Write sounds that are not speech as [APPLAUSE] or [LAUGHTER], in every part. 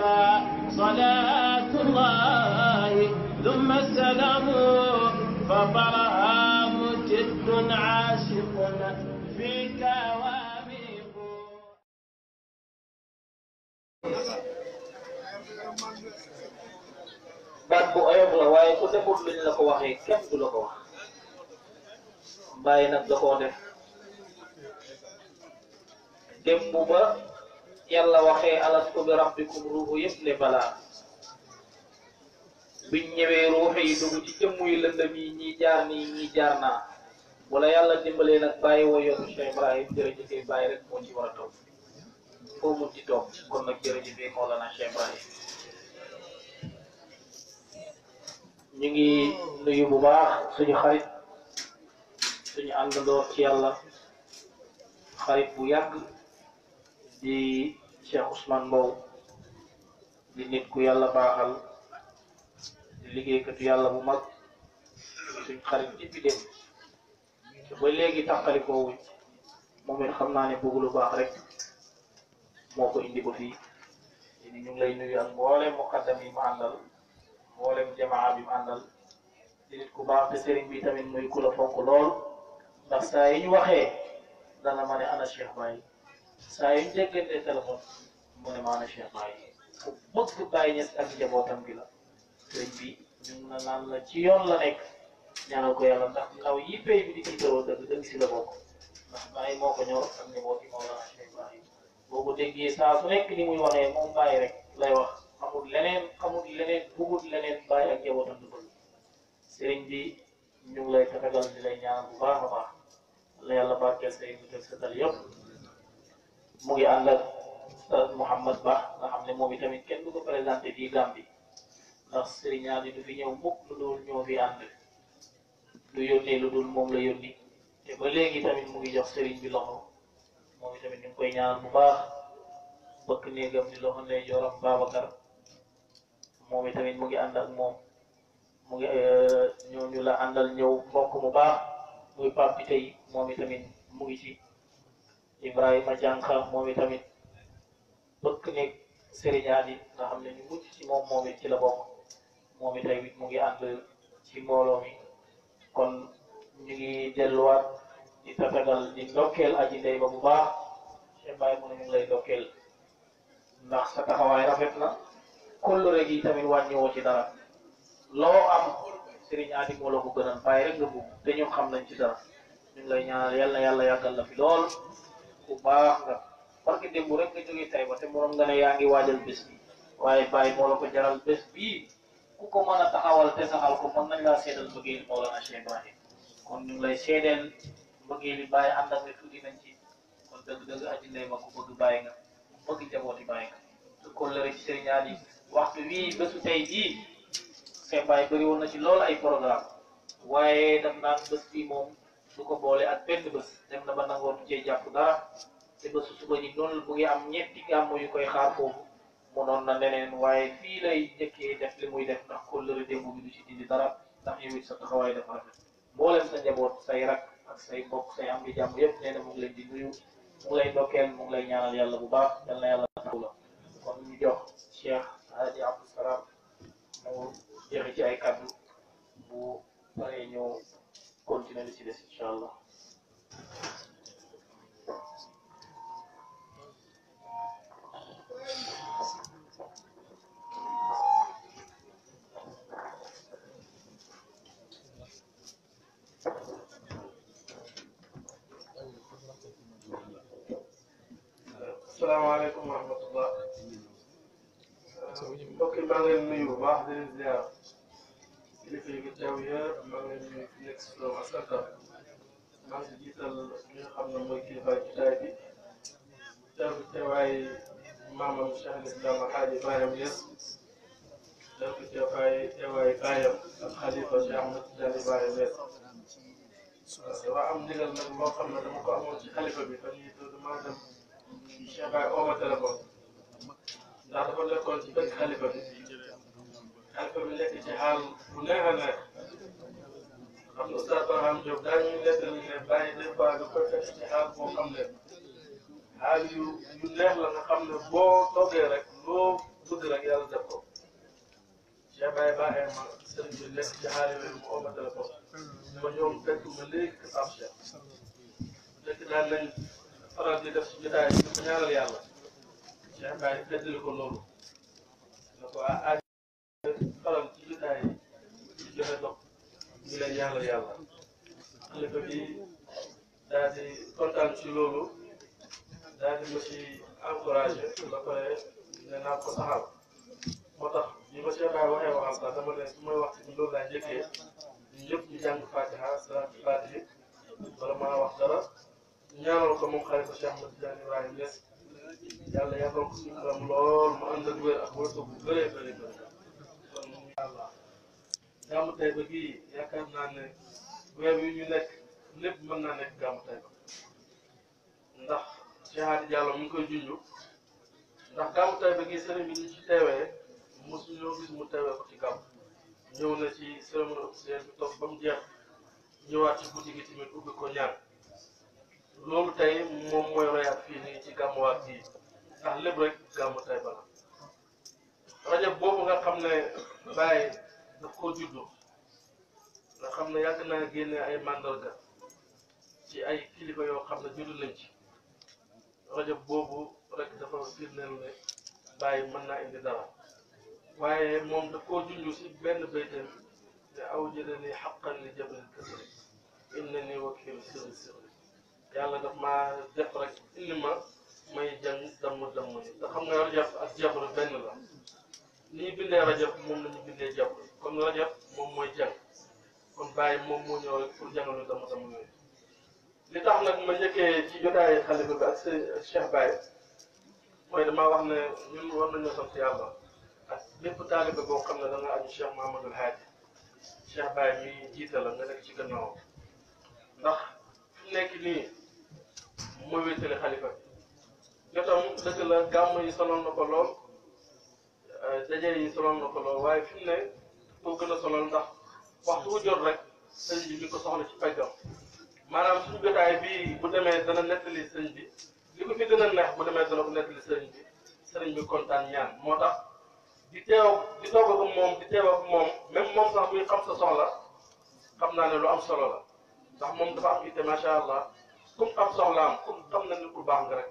عليك صلاة الله ثم السلام فطرها مجد عاشق فيك واميق baat bu oyof la waaye ku defut luñ la ko waxee kenn du la ko wax Mbaye nag da koo def démb ba yàlla waxee alastu bi rabbikum ruuxu yëpp le balaa biñ ñëwee ruux yi dugg ci jëmm yu lëndëm yi ñii jaar nii ñii jaar naa wala yàlla dimbalee nag bàyyi woo yoonu Cheikh Ibrahim jërëjëfee bàyyi rek moo ci war toog foo mun ci toog kon nag jërëjëfee Mawlana Cheikh Ibrahim ñu ngi nuyu bu baax suñu xarit suñu àndandoo ci yàlla xarit bu yàgg Cheikh Ousmane Mbow di nit ku yàlla baaxal di liggéeykatu yàlla bu mag suñ xarit ci bi dem te ba léegi tàqalikoo wuñ moom it xam naa ne bëgg lu baax rek moo ko indi ba fii ñu ngi lay nuyu ak mboolem muqaddam yi mu àndal mboolem jamaa bi mu àndal di nit ku baax te sëriñ bi tamit muy ku la fonk lool ndax saa yi ñu dana ma ana Cheikh Baye saa yu ñu déggante téléphone mu ne maanaam Cheikh Baye ku bëgg Baye Niass ak njabootam gi la sëñ bi ñu la naan la ci yoon la nekk ñaanal ko yàlla ndax ndaw yi pay bi di tiitaroo dëgg dëgg si la lay wax xamul leneen xamul leneen bi ñu ngi lay tafegal di baax a baax la yàlla barkeel say mutal sa dal yëpp mu ngi ànd ak Oustaz euh, Mouhamed nga xam ne moom itamit kenn du ko présenté fii Gambie ndax Serigne Hady du fi ñëw mukk lu dul ñoo fi ànd lu yónnee lu dul moom la yónni te ba léegi tamit mu ngi jox Serigne bi loxo moom itamit ñu koy ñaanal bu baax bëkk néegam ni loxo ndey jooram Babacar moom itamit mu ngi ànd moom mu ngi euh, ñooñu la àndal ñëw mbokk mu baax muy Pape Biteye moom itamit mu ngi Ibrahima Diankha moom itamit bëkk nekk Serigne Adi nga xam ne ñu mucc ci moom moom it ci la bokk moom itamit mu ngi ànd ci mbooloo kon ñu ngi delluwaat di tatagal di ndokkeel aji ndey ba bu baax seen bàyyi mu ne ñu lay ndokkeel ndax sa taxawaay rafet na kóllëre gi tamit wàññiwoo ci dara loo am Serigne Adi ko gënal bàyyi rek nga bugg te ñu xam nañ ci dara ñu lay ñaanal yàlla yàlla yàggal la fi lool. bu baax nga barke démb rek nga jógee tay ba te borom nga ne yaa ngi waajal bés bi waaye bàyyi moo jaral bés bii ku ko mën a taxawal te saxal ko mën nañ seedal mbëggeel Mawlana Cheikh Ibrahim kon ñu ngi lay yi bàyyi ànd ak ne ci kon dëgg-dëgg aji ndey ma ku bëgg bàyyi nga bëgg njabooti bàyyi nga ko lëre ci sëriñ waxtu wii bésu tey jii seen bàyyi bëri woon ci loolu ay programme waaye daf naan bés bii moom du ko boole ak benn bés dem na ba nangootu cee jàpp dara te bésu suba ji noonu bu ngi am ñetti gàmmu yu koy xaar foofu mënoon na neneen waaye fii lay njëkkee def li muy def ndax kóllëre démb bi du ci dindi dara ndax yow it sa taxawaay dafa rafet sa njaboot say rak ak say mbokk say am di jàmm yëpp nee mu ngi di nuyu mu ngi lay ndokkeel mu ngi lay ñaanal yàlla bu baax yal na yàlla taxaw la kon ñu jox Cheikh Hadji Abdou Salam mu jeexe ci ay kàddu bu paree ñëw continuer li ci des incha allah salaamaaleykum wa rahmatullah mbokk yi maa ngi leen nuyu bu baax di leen ziar kilifa yi ngi maa ngi leen di nuyu nekk maa ngi jiital li nga xam ne mooy kilifa jotaay bi teew teewaay maamam Cheikh Islam Alxaaji Ibrahima Niass teew teewaay teewaay baayam ak xalifa Cheikh Ahmed Tidiane Ibrahima am ndigal nag moo xam ne dama ko amoon xalifa bi fan yii maa dem Cheikh Baye oo ma téléphone ndax dafa nekkoon ci benn xalifa bi. alfa bi nekk ci xaal bu neex a neex xam nga oustaz Barham Diop daañu nekk ni ne bàyyi des fois nga koy fekk ci xaal boo xam ne xaal yu yu neex la nga xam ne boo toogee rek loo bëgg rek yàlla def ko Cheikh Baye Baye ma sëriñ bi nekk ci xaal yooyu mu oo ma téléphone ma ñoom fekk ma léegi kër Pape Cheikh nekk daan nañ faral di def ci jotaay bi ma ñaanal yàlla Cheikh Baye feddali ko loolu na ko xolam ci jotaay ci joxe ndox ñu bi daal di kontaan loolu daal di ma ci encouragé ba pare ne naa ko saxal moo tax bi ma Cheikh Baye waxee waxal sax dama ne su may wax ci loolu laa njëkkee ñu ñëpp ñu jàng Fatiha salaam ci Fatiha bala maa wax dara ñaanal ko moom xalifa Cheikh Ahmed Tidiane Ibrahima mu ànd ak wér ak wërsëg bu bëree bëri bëri gàmmu Tayba gii yaakaar naa ne weer yu ñu nekk lépp mën naa nekk gàmmu Tayba ndax Cheikh Hadi Diallo ngi koy junj ndax gàmmu Tayba gii sëriñ bi ñu ci teewee mosu ñoo gis mu teewee ko ci gàmm ñëw ci cérémonie officielle bi toog ba mu jeex ñëwaat ci guddi gi ubbi ko ñaan loolu tey moom mooy royaat fii nii ci gàmmuwaat gii ndax lépp rek gàmmu Tayba la rajab boobu nga xam ne bàyyi daf koo juddu nga xam ne yàgg naa génne ay màndarga ci ay kilifa yoo xam ne juddu nañ ci rajab boobu rek dafa firndeel ne bàyyi mën naa indi dara waaye moom daf koo junju si benn baytam te aw jëlani xaqan li jabal kasri inna ni wakiil sirri sirri yàlla daf maa ma may jàng damm damm te xam nga benn la ni ñu bindee rajab moom la ñu bindee jaww comme rajab moom mooy jàng kon bàyyi moom moo ñëw pour jàngalu dama dama yooyu li tax nag ma njëkkee ci jotaayu xalifa bi ak sëñ Cheikh mooy damaa wax ne ñun war nañoo sant yàlla ak lépp taalibe boo xam ne da nga aju Cheikh Mahamadul Haaji Cheikh Baye mi jiite la nga nekk ci gannaaw ndax fi nii mooy wéetale xalifa bi jotam dëgg la gàmm yi sonal na ko lool daje euh, yi solal na ko lool waaye fi mu ne koo gën a solal ndax waxtu sëñ bi mi ko soxla ci fajjam maanaam suñu jotaay bii bu demee dana nettali sëñ bi li ko fi gën a neex bu demee dana ko nettali sëñ bi sëriñ bi kontaan moo tax di teew di toog ak moom di teew ak moom même moom sax muy xam sa soxla xam naa ne lu am solo la ndax moom dafa am itte macha allah kum xam soxlaam kum xam na ni ku baax nga rek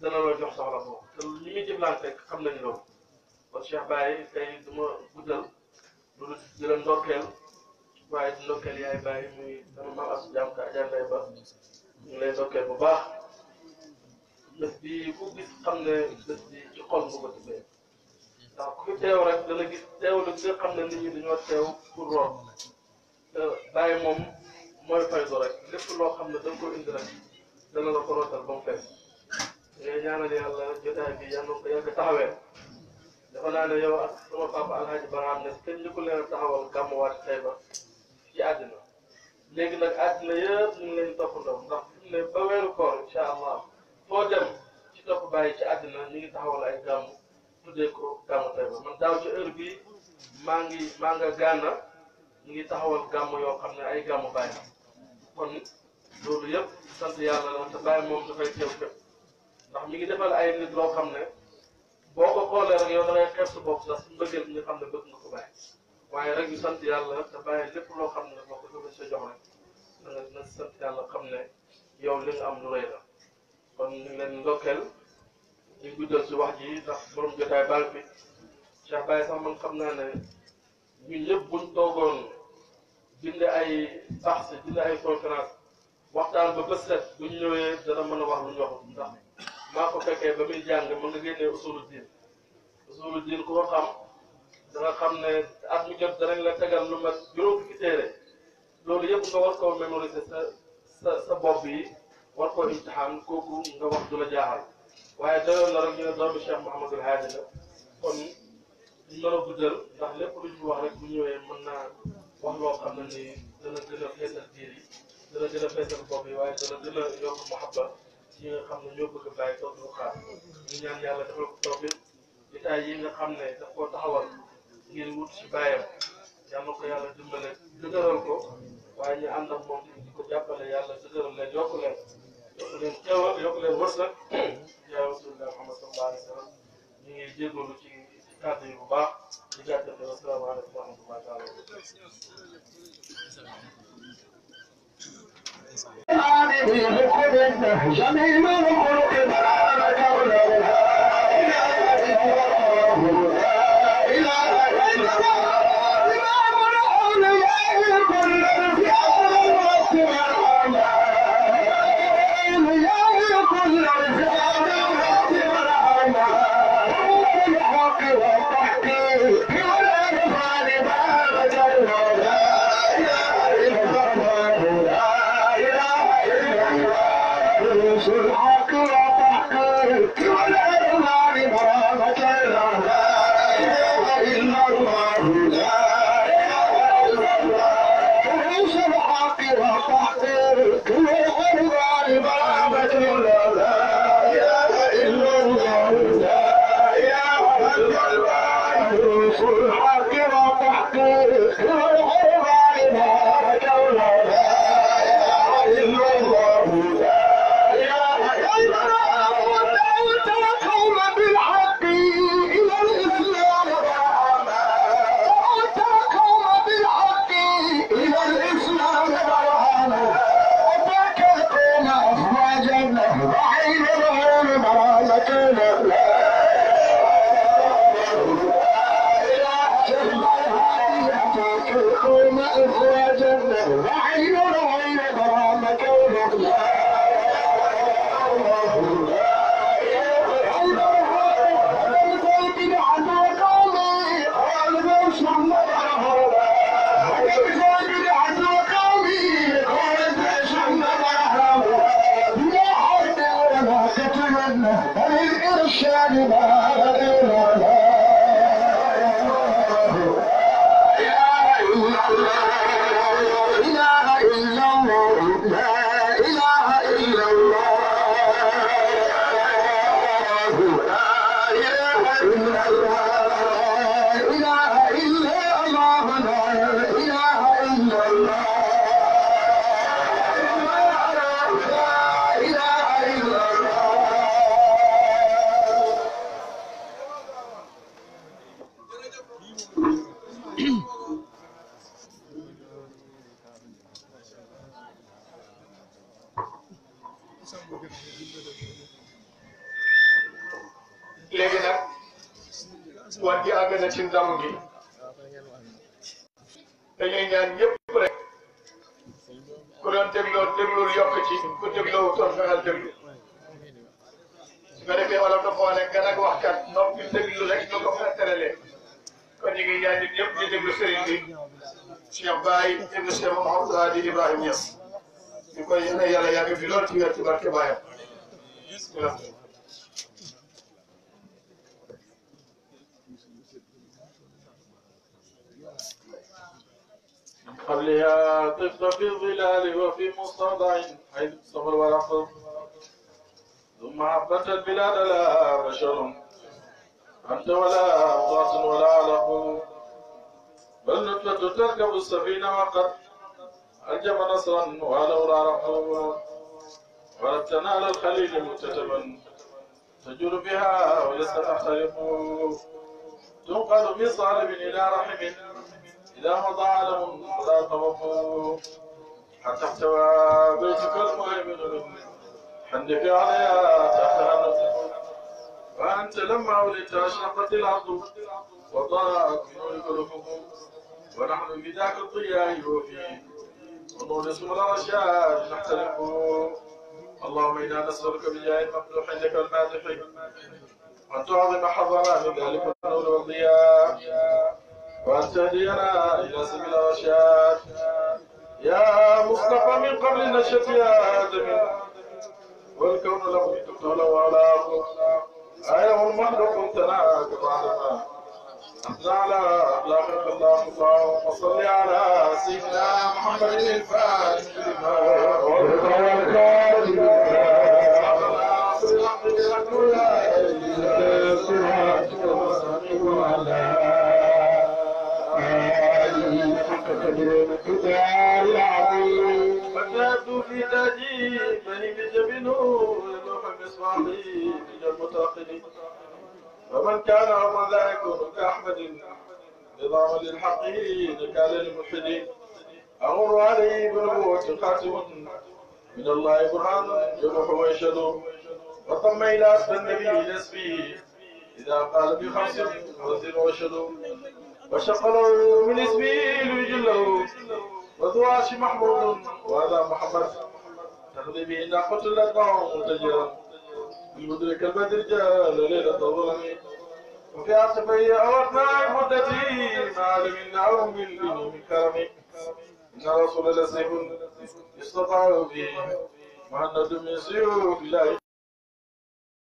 dana loo jox soxla boobu te li muy xam nañ loolu. kon Cheikh Baye tey du ma guddal lu dul di la ndokkeel waaye di ndokkeel yaay Baye muy sama maam Asou Diam ka Adja Ndeye Ba ñu ngi lay ndokkeel bu baax bés bi ku gis xam ne bés bi ci xol nga ko tibbee ndax ku fi teew rek dana gis teewlu nga xam ne nit ñi dañoo teew pour root te Baye moom mooy faydu rek lépp loo xam ne da nga ko indi rek dana la ko rootal ba mu fees ngay ñaanal yàlla jotaay bi yàlla ko yàgg taxawee. dafa naa ne yow ak sama papa alhaji Barham ne kenn ñu ko leen taxawal gàmmuwaat tey ba ci àddina léegi nag àddina yëpp ñu ngi leen mu ne ba weeru koor incha allah foo dem ci topp bàyyi ci àddina ñu ay gàmm tuddee ko gàmmu tey man daaw ci heure bii maa ngi maa nga gànna ñu ngi taxawal gàmm yoo xam ne ay gàmmu bàyyi kon loolu yëpp sant yàlla la te bàyyi moom dafay teew mi ngi defal ay xam ne. boo ko xoolee rek yow da ngay xeeb ne bëgg nga ko bàyyi waaye rek ñu sant yàlla te bàyyi lépp loo xam ne boo ko jóge sa jox rek da nga na sant yàlla xam ne yow li am lu rëy la kon ñu ngi leen ndokkeel ñu guddal ci wax ji ndax borom jotaay baal bi Cheikh Baye sax man xam naa ne ñun ñëpp buñ toogoon bind ay sax si bind ay conférence waxtaan ba bës set buñ ñëwee dana mën a wax lu ñu wax ndax maa ko fekkee ba mi jàng mën nga génnee usulu diin usulu diin ku ko xam danga ne at mi jot danañ la tegal lu mat juróom fukki téere loolu yëpp nga war koo mémoriser sa sa sa bopp yi war koo imtixaan kooku nga wax du la jaaxal waaye doyoon na rek ñu ne doomu Cheikh Mouhamadul Haadi la kon duñ a guddal ndax lépp lu ñu wax rek bu ñëwee mën naa wax loo xam ne ni dana gën a feesal diir yi dana gën a feesal bopp yi waaye dana gën a yokk mahabba yi nga xam ne ñoo bëgg bàyyi toog ñu xaar ñu ñaan yàlla defal ko toog it jotaay yi nga xam ne daf koo taxawal ngir wut si bàyyam yal na ko yàlla dimbale dëgëral ko waaye ñu ànd ak moom di ko jàppale yàlla dëgëral leen yokk leen yokk leen teewal yokk leen wërsëg yaa rasulullah Muhammad sallallahu alayhi wa sallam ñu ngi jégalu ci kàddu yi bu baax di gàttal asalaamaaleykum wa rahmatullahi wa barakatuh Jamais Fatima. Alaaji Ibrahima Niass ñu koy yéene yàlla yàgg fi lool ci wér ci barke baayam خليها طفل في الظلال وفي مستوضع حيث الصبر والعقل ثم عبت البلاد لا بشر أنت ولا أغاث ولا علق بل نطلة تركب السفينة وقد الجم نصرا ولولا رحمه ولم تنال الخليل مكتتبا تجر بها ولسنا خلقه تنقل من صالب إلى رحم إذا مضى عالم لا توقف حتى احتوى بيتك المهيمن من حنك عليها تحت وأنت لما ولدت أشرقت الأرض وضاءت من نور ونحن في ذاك الضياء وفي ونور اسم الرشاد نحترقه اللهم انا نسالك بجاه الممدوح لك المادح وان تعظم حظنا من ذلك النور والضياء وان تهدينا الى سبيل الرشاد يا مصطفى من قبل النشأة يا آدم والكون له دخول ولا أين هم مهلك تناك بعدما على لا خلق الله الله وصل على سيدنا محمد الفاتح لما ورد والكاذب فتاة في تاجي بني بجبنه لنوح المصباح بجل متاقدي فمن كان عمر لا يكون كأحمد نظام للحقين كان للملحدين أمر عليه بنبوة خاتم من الله برهان يروح ويشهد وطم إلى أسفل النبي نسبه إذا قال بخمس وزن وشهد وشق له من اسمه ليجله وذو عاش محمود وهذا محمد تخدمي إن قتل أدناه متجرا المدرك الرجال ليلة الظلم وفي عصفي أوتنا مدتي ما لمناه من لين من كرم إن رسول لسيف استطاع به مهند من سيوف الله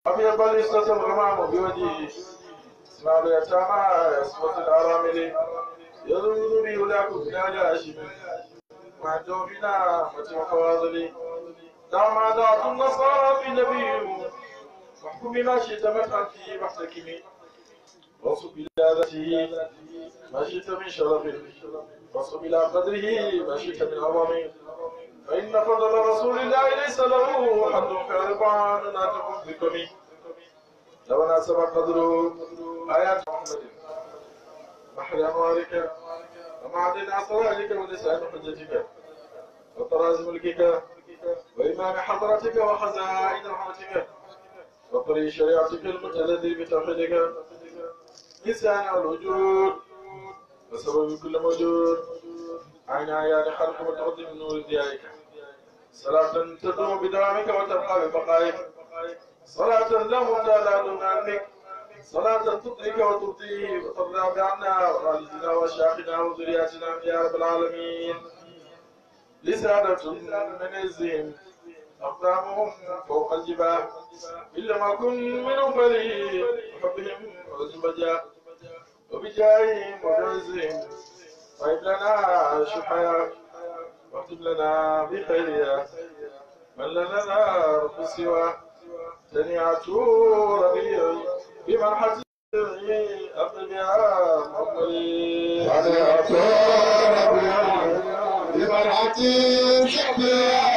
أبي بل استسم غمام بوجهه اسمع اليتامى يصمت الأرامل يضرب به لا كفنا جاشم وعندهم بنا متى وفواضل دع ما دعت النصارى في نبيهم فاحكم بما شئت مدحا فيه محتكمي وانصب إلى ذاته ما شئت من شرف وانصب إلى قدره ما شئت من عظم فإن فضل رسول الله ليس له حد كأربعة لا تقم بكمي لو ناسب قدره آيات محمد بحر أنوارك ومعدن أسرارك ولسان حجتك وطراز ملكك وإمام حضرتك وخزائن رحمتك وقري شريعتك المتلذي بتوحيدك نسيان الوجود وسبب كل موجود عين عيان خلق وتغضي من نور ديائك صلاة تدوم بدوامك وتبقى ببقائك صلاة له تعالى دون عنك صلاة تدرك وترضيه وترضى بعنا ووالدنا وشيخنا وذرياتنا يا رب العالمين لسانة من عزهم أقدامهم فوق الجباه إن لم أكن من أمري فبهم عزبجا وبجاي مدرزهم طيب لنا شحيا واكتب لنا بخيريا من لنا رب سوى تنيعة ربيعي بمن حجري أقل يا مقري تنيعة ربيعي بمن حجري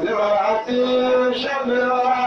لمعة شمعة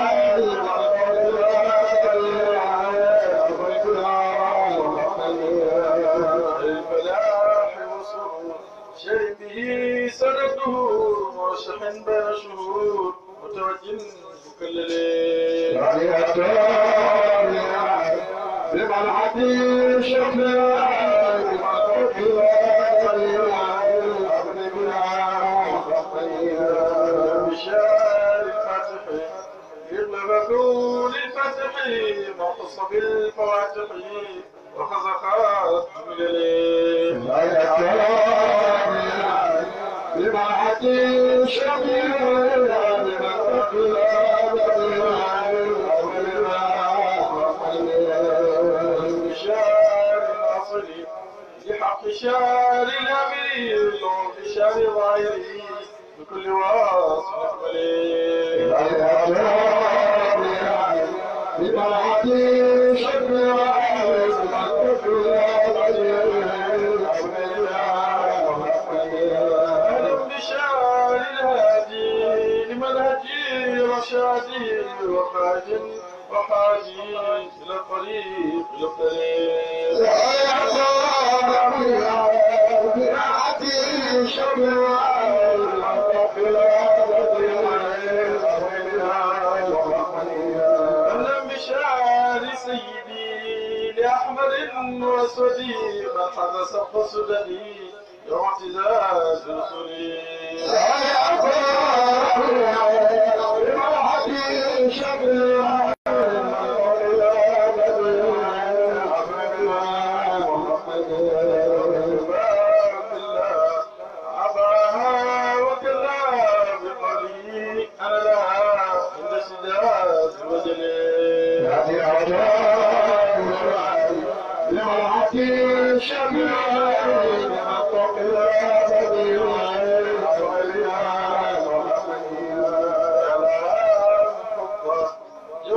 حبس قصدني اعتزاز الخلق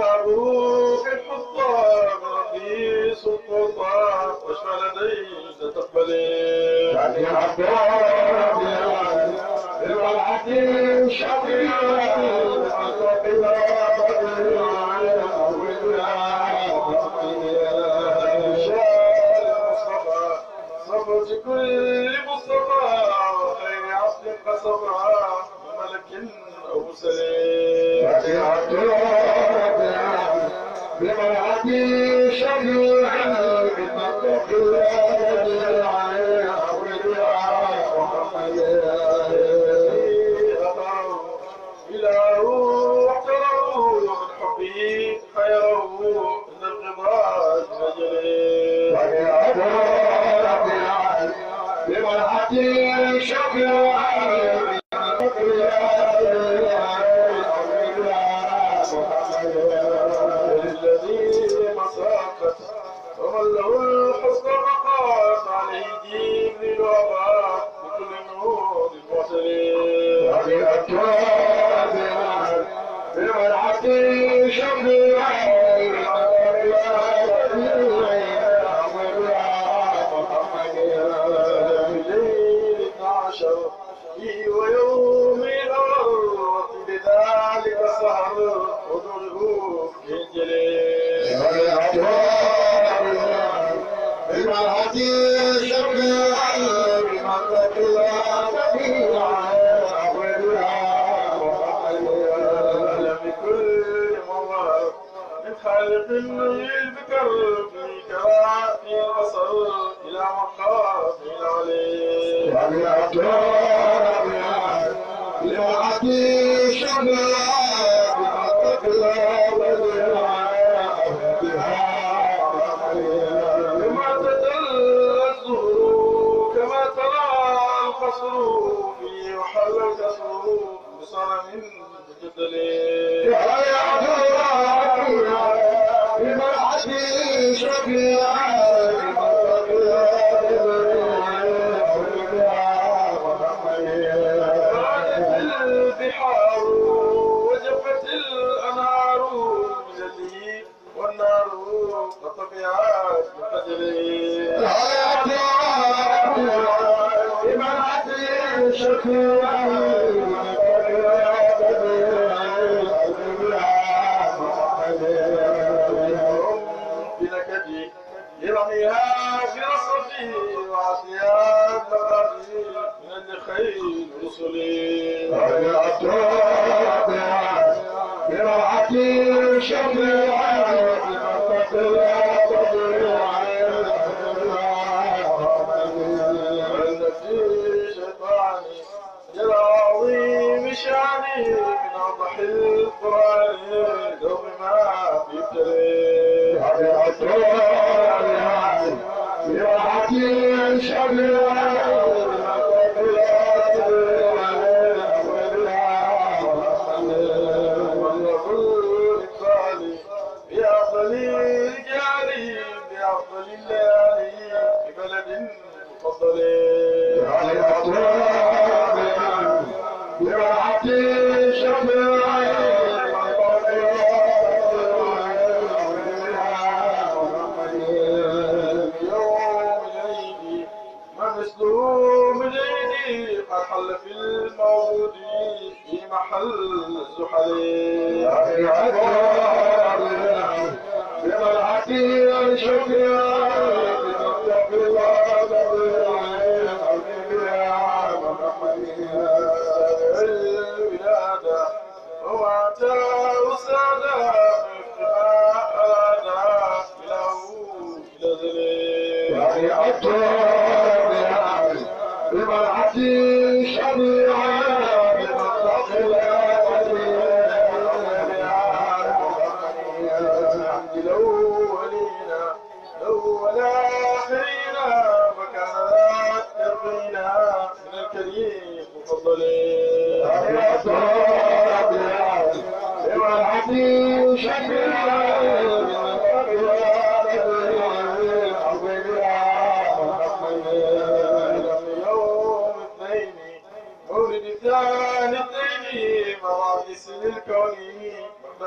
وأبوك الحطام رئيس القطاع واشفى لديه تقبلين يعني عباد الحكيم شقيق العقبة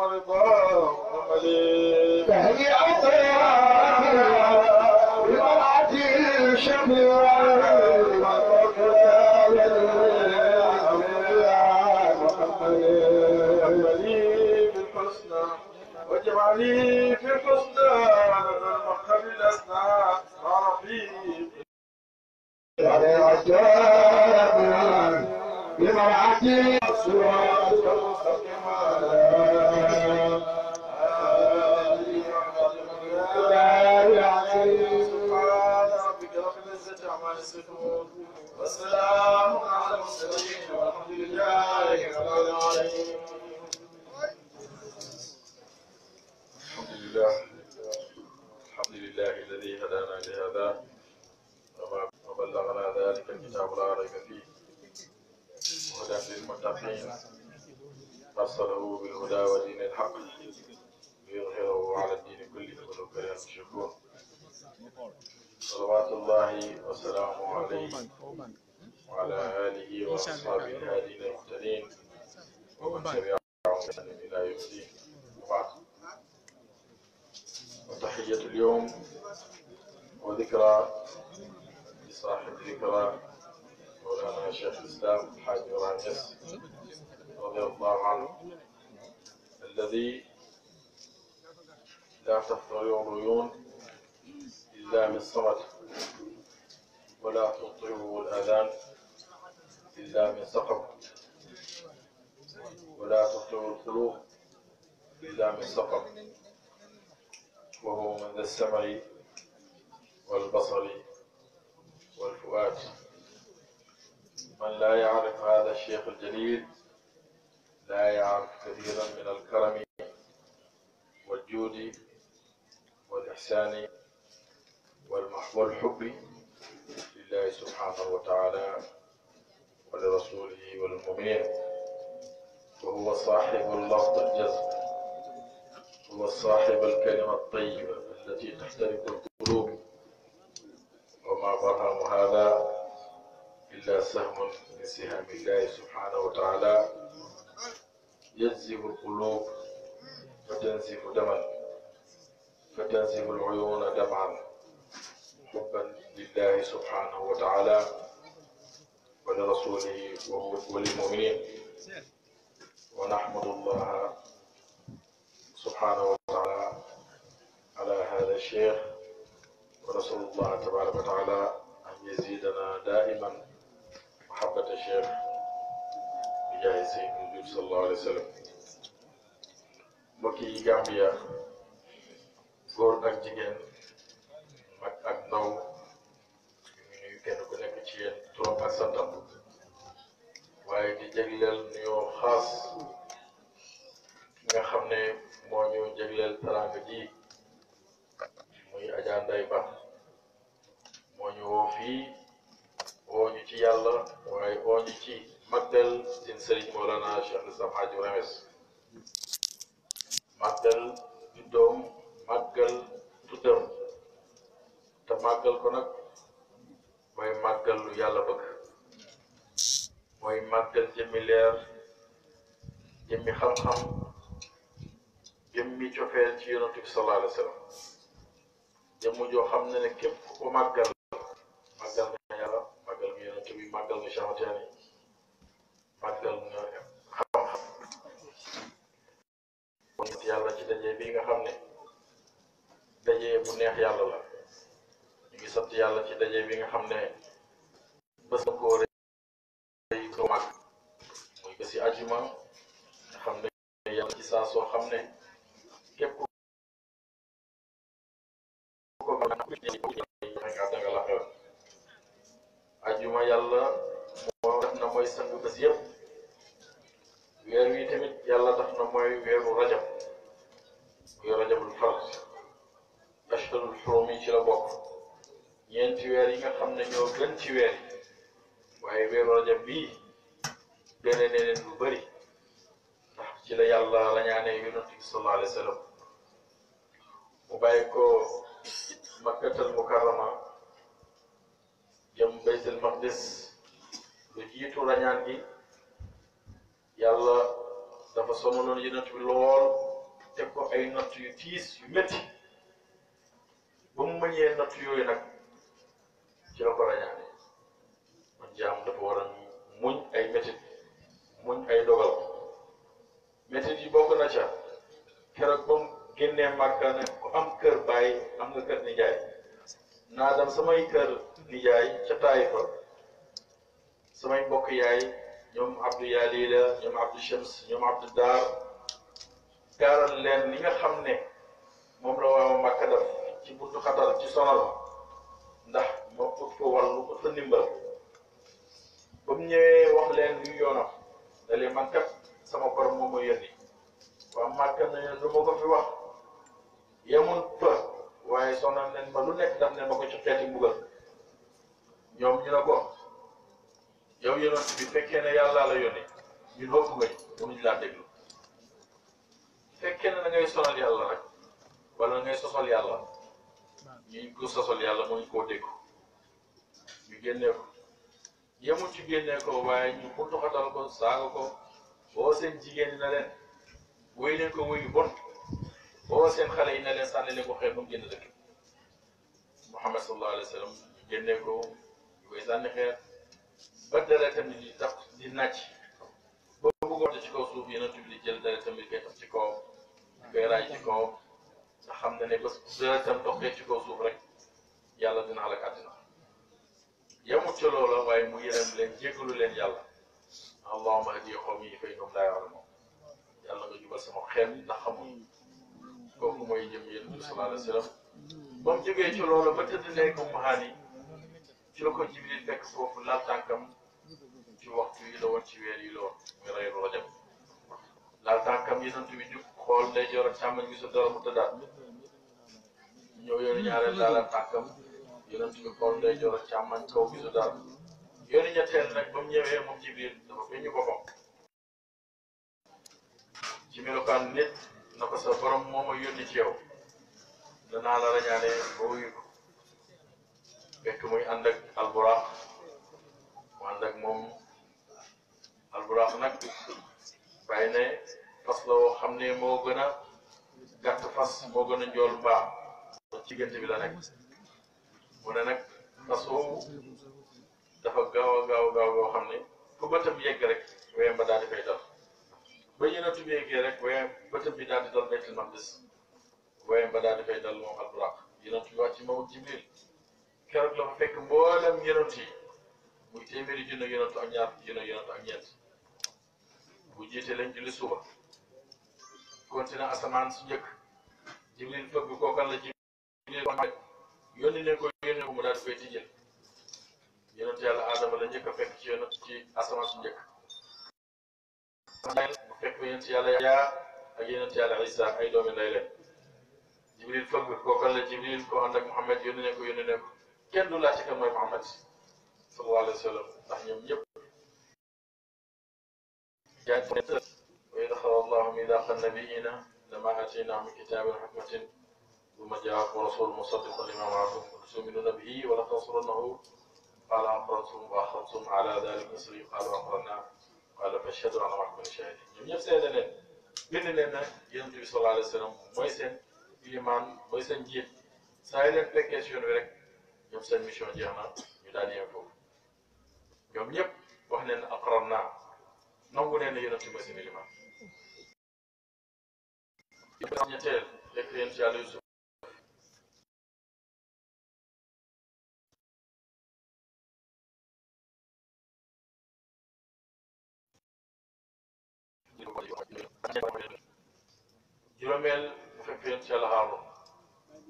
مرضى عملي تهدي أطيارها بمرعة الشميرة واجعلي في حسنى مقام الاسنى ربي على عجاب بمرعتي الصور salawaatullahi wa salaamuhu alayhi wa alaa aalihi wa ashaabihi al-haadiina al-muhtadiin wa man tabi'ahum bi ihsaanin ilaa yawmi ddiin wa ba'd wa tahiyyatu l-yawm wa dhikraa li saahibi dhikraa mawlaanaa Cheikh al-Islaam Alhaaj Ibrahima Niass radiyallaahu anhu alladhii laa taxtawiruhu l-uyuun الإسلام الصمد ولا تطيعوا الأذان إلا من سقم ولا تطيعوا القلوب إلا من سقم وهو من ذا السمع والبصر والفؤاد من لا يعرف هذا الشيخ الجليل لا يعرف كثيرا من الكرم والجود والإحسان والحب لله سبحانه وتعالى ولرسوله والمؤمنين وهو صاحب اللفظ الجزم هو صاحب الكلمة الطيبة التي تحترق القلوب وما برهم هذا إلا سهم من سهام الله سبحانه وتعالى يجذب القلوب فتنزف دما فتنزف العيون دمعا حبا لله سبحانه وتعالى ولرسوله وللمؤمنين ونحمد الله سبحانه وتعالى على هذا الشيخ ونسأل الله تبارك وتعالى أن يزيدنا دائما محبة الشيخ بجاه سيدنا النبي صلى الله عليه وسلم بكي جامبيا góor ak jigéen ndaw ñu ngi nuyu kenn ku nekk ci yéen turam waaye di jagleel nuyoo xaas nga xam ne moo ñu jagleel teraanga ji Ba moo woo fii woo ci yàlla waaye woo ñu ci Magal din sëriñ Mawlana Cheikh Islam Hadji Remes Magal di doom Magal tuddam te màggal ko nag mooy màggal lu yàlla bëgg mooy màggal jëmmi leer jëmmi xam-xam jëmmi cofeel ci yonent bi sallallahu alayhi jëmm joo xam ne ne képp ku ko màggal màggal nga yàlla màggal nga yonent bi màggal nga chamatiani màggal nga xam-xam yàlla ci dajee bii nga xam ne dajee bu neex yàlla la sant yàlla ci daje bi nga xam ne bés na koo ajuma nga xam ne yàlla ci saa soo xam ne képp ku nga danga la ajuma yàlla moo def na mooy sang bés yëpp weer wi tamit yàlla def na mooy weeru rajab muy rajabul fard ashhurul xurum yi ci la bokk ñeenti weer yi nga xam ne ñoo gën ci weer yi waaye weeru rajab bii gëne ne leen lu bëri ndax ci la yàlla la ñaanee yonent bi alayhi wa sallam mu bàyyi ko makkatal mukarrama jëm baytul maqdis lu jiitu yàlla dafa lool teg ko ay natt yu tiis yu métti ba mu mëñee natt yooyu nag ci la ko rañaane jaam dafa war muñ ay métit muñ ay dogal métit yi bokk na ca keroog ba mu génnee ne am kër bàyyi am nga kër nijaay naa dem samay kër nijaay ca taay samay mbokk yaay ñoom Abdou Yalila ñoom Abdou Shams ñoom Abdou Dar gaaral leen li nga xam ne moom la waa Màkka def ci buntu xatar ci sonal ko ndimbal ba mu ñëwee wax leen luy yoonam da leen man kat sama borom moom mooy yónni waa Màkka ne lu ma ko fi wax yemul ba waaye sonal nen ma lu nekk daf ne ma ko ci xeeti mbugal ñoom ñu ne ko yow yonent bi fekkee ne yàlla la yónni ñun ëpp nga ñu mënuñu laa déglu fekkee ne da ngay sonal yàlla rek wala da ngay sosal yàlla ñu ko sosal yàlla mënuñ koo déglu. ñu génnee ko yemu ci génnee ko waaye ñu buntuxatal ko saaga ko boo seen jigéen na leen wéy leen ko wéyu bon boo seen xale yi na leen sànni leen ko xeer ba mu génn dëkk Muhammad sallallahu alayhi wa sallam ñu génnee ko ñu koy sànni xeer ba deretam ni di tax di nàcc a ci kaw suuf yeneen tubi di jël deretam bi koy tax ci kaw ñu raay ci kaw te xam na ne bés deretam doxee ci kaw suuf rek yàlla dina xalaat àddina yamut ca loola waaye mu yërëm leen jéggalu leen yàlla allahumma hadi qawmi fa innahum laa ya'lamuun yàlla nga jubal sama xel ndax xamuñ kooku mooy jëm yéen bi sallallahu alayhi wa sallam ba mu ba tëdd nekk mahaan yi ci la ko jibril fekk foofu laal tànkam ci waxtu yi la woon ci weer yi la woon muy rayul rajab laal tànkam yenant bi jub xool day joor ak càmmañ gi sa dara mu tëddaat ñëw yoonu ñaareel laal tànkam yonent bi xool ndey joor kaw gisu dara yoonu ñetteel nag ba mu ñëwee moom Jibril dafa feeñ ñu boppam ci melokaan nit na ko sa borom moo ma yónni ci danaa la rañaane ba wuyu muy ànd ak mu ànd moom alburaax nag bàyyi ne fas la woo xam ne moo gën a fas moo gën a njool mbaa ci gént bi nekk mu ne nag tas woowu dafa gaaw a gaaw a gaaw goo xam ne fu bëtam yegg rek wéyam ba daal di fay dal ba yéenatu bi yeggee rek wéyam bëtam bi daal di dal baytul maqdis wéyam ba daal di fay dal moom al buraq yéenatu bi ci mawut jibril keroog la fekk mboolem yéenat yi muy téeméeri junne yéenatu ak ñaar junne ak ñeent bu jiitee lañ julli suba continué asamaan su njëkk jibril fëgg kookan la jibril yónni ne ko yónni ko mu daal di koy tijjel yonent yàlla aadama la njëkk a fekk ci yoon ci asamaan su njëkk bu fekk yonent yàlla yaa ak yonent yàlla isa ay doomi nday jibril fëgg kookal la jibril ko ànd ak muhammad yónni ne ko yónni ne ko kenn du laajte kan mooy muhammad sallallahu alayhi wa sallam ndax ñoom ñëpp yaa wa idh qala allahu midaaqa nabiyina lama aataynaa min kitaabin wa hikmatin ثم جاءكم رسول مصدق لما معكم لتؤمنن به ولتنصرنه قال أقررتم وأخذتم على ذلك إصري قال أقررنا قال فاشهدوا على محكم الشاهدين ñoom ñëpp seede leen bind leen nag yonent bi sallallahu alayhi wa sallam mooy seen ilimaan mooy seen njiit saa yi leen fekkee si yoon bi rek ñoom seen mission jeex na ñu daal di yem foofu ñoom ñëpp wax leen aqrarna nangu leen ne yonent bi mooy seen ilimaan ñetteel fekk leen ci Yàlla juróomeel bu fekkee yéen si yàlla xaaru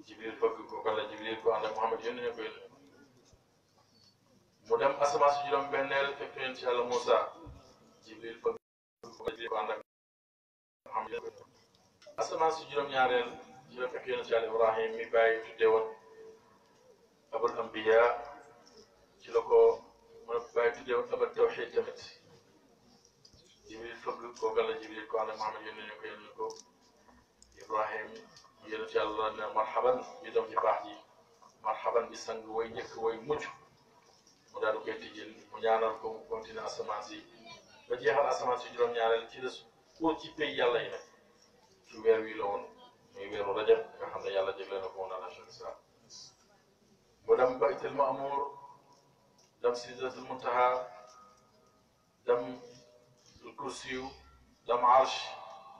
jibril bëgg ko wala jibril ko ànd Muhammad yónni na ko yónni si juróom benneel fekk yéen si yàlla Moussa ko wala Muhammad yónni si juróom ñaareel juróom fekk yéen Ibrahim mi bàyyi tuddee woon abul ambiya ci la ko mën a bàyyi tuddee woon abal tawxiid tamit jibril fëgg kooku àlla jibril ko àlla Muhammad ko yónni ko Ibrahim yonent yàlla ne marhaban ñu baax ji marhaban bi sang way njëkk way mucc mu daal di koy tijjil mu ñaanal ko mu continuer asamaan si ba jeexal asamaan yi la woon muy weeru rajab nga yàlla woon àla chaq sa mu dem baytul ma'mur dem sidratul kursiyu dam arsh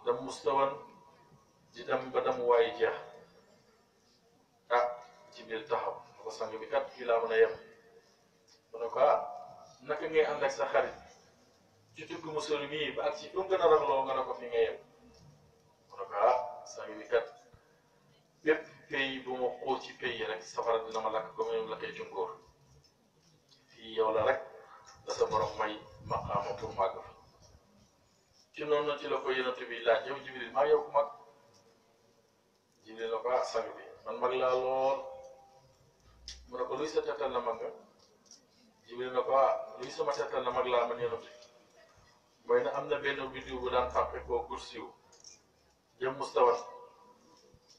dam mustawan di dem ba dem waay jeex ah jibril taxaw na ko sang bi kat laa mën a yem mu ne ko ah naka ngay ànd ak sa xarit ci tukki musul mii ba ak ci fu mu gën a ko fi nga mu ne ko ah sang bi kat bépp bu ma xoo ci pays rek safara dina ma lakk comme ni la koy jungóor fii rek da sa may maqaama pour màgg ci noonu ci la ko yenante bi laaj yow jibril maa yow ku mag jibril la ko ah sang bi man mag laa lool mu ne ko luy sa tettal na mag nga jibril na ko ah luy sama tettal mag laa man yenante mooy na am na benn biddiw bu daan fàqe koo kursiw jëm mustawan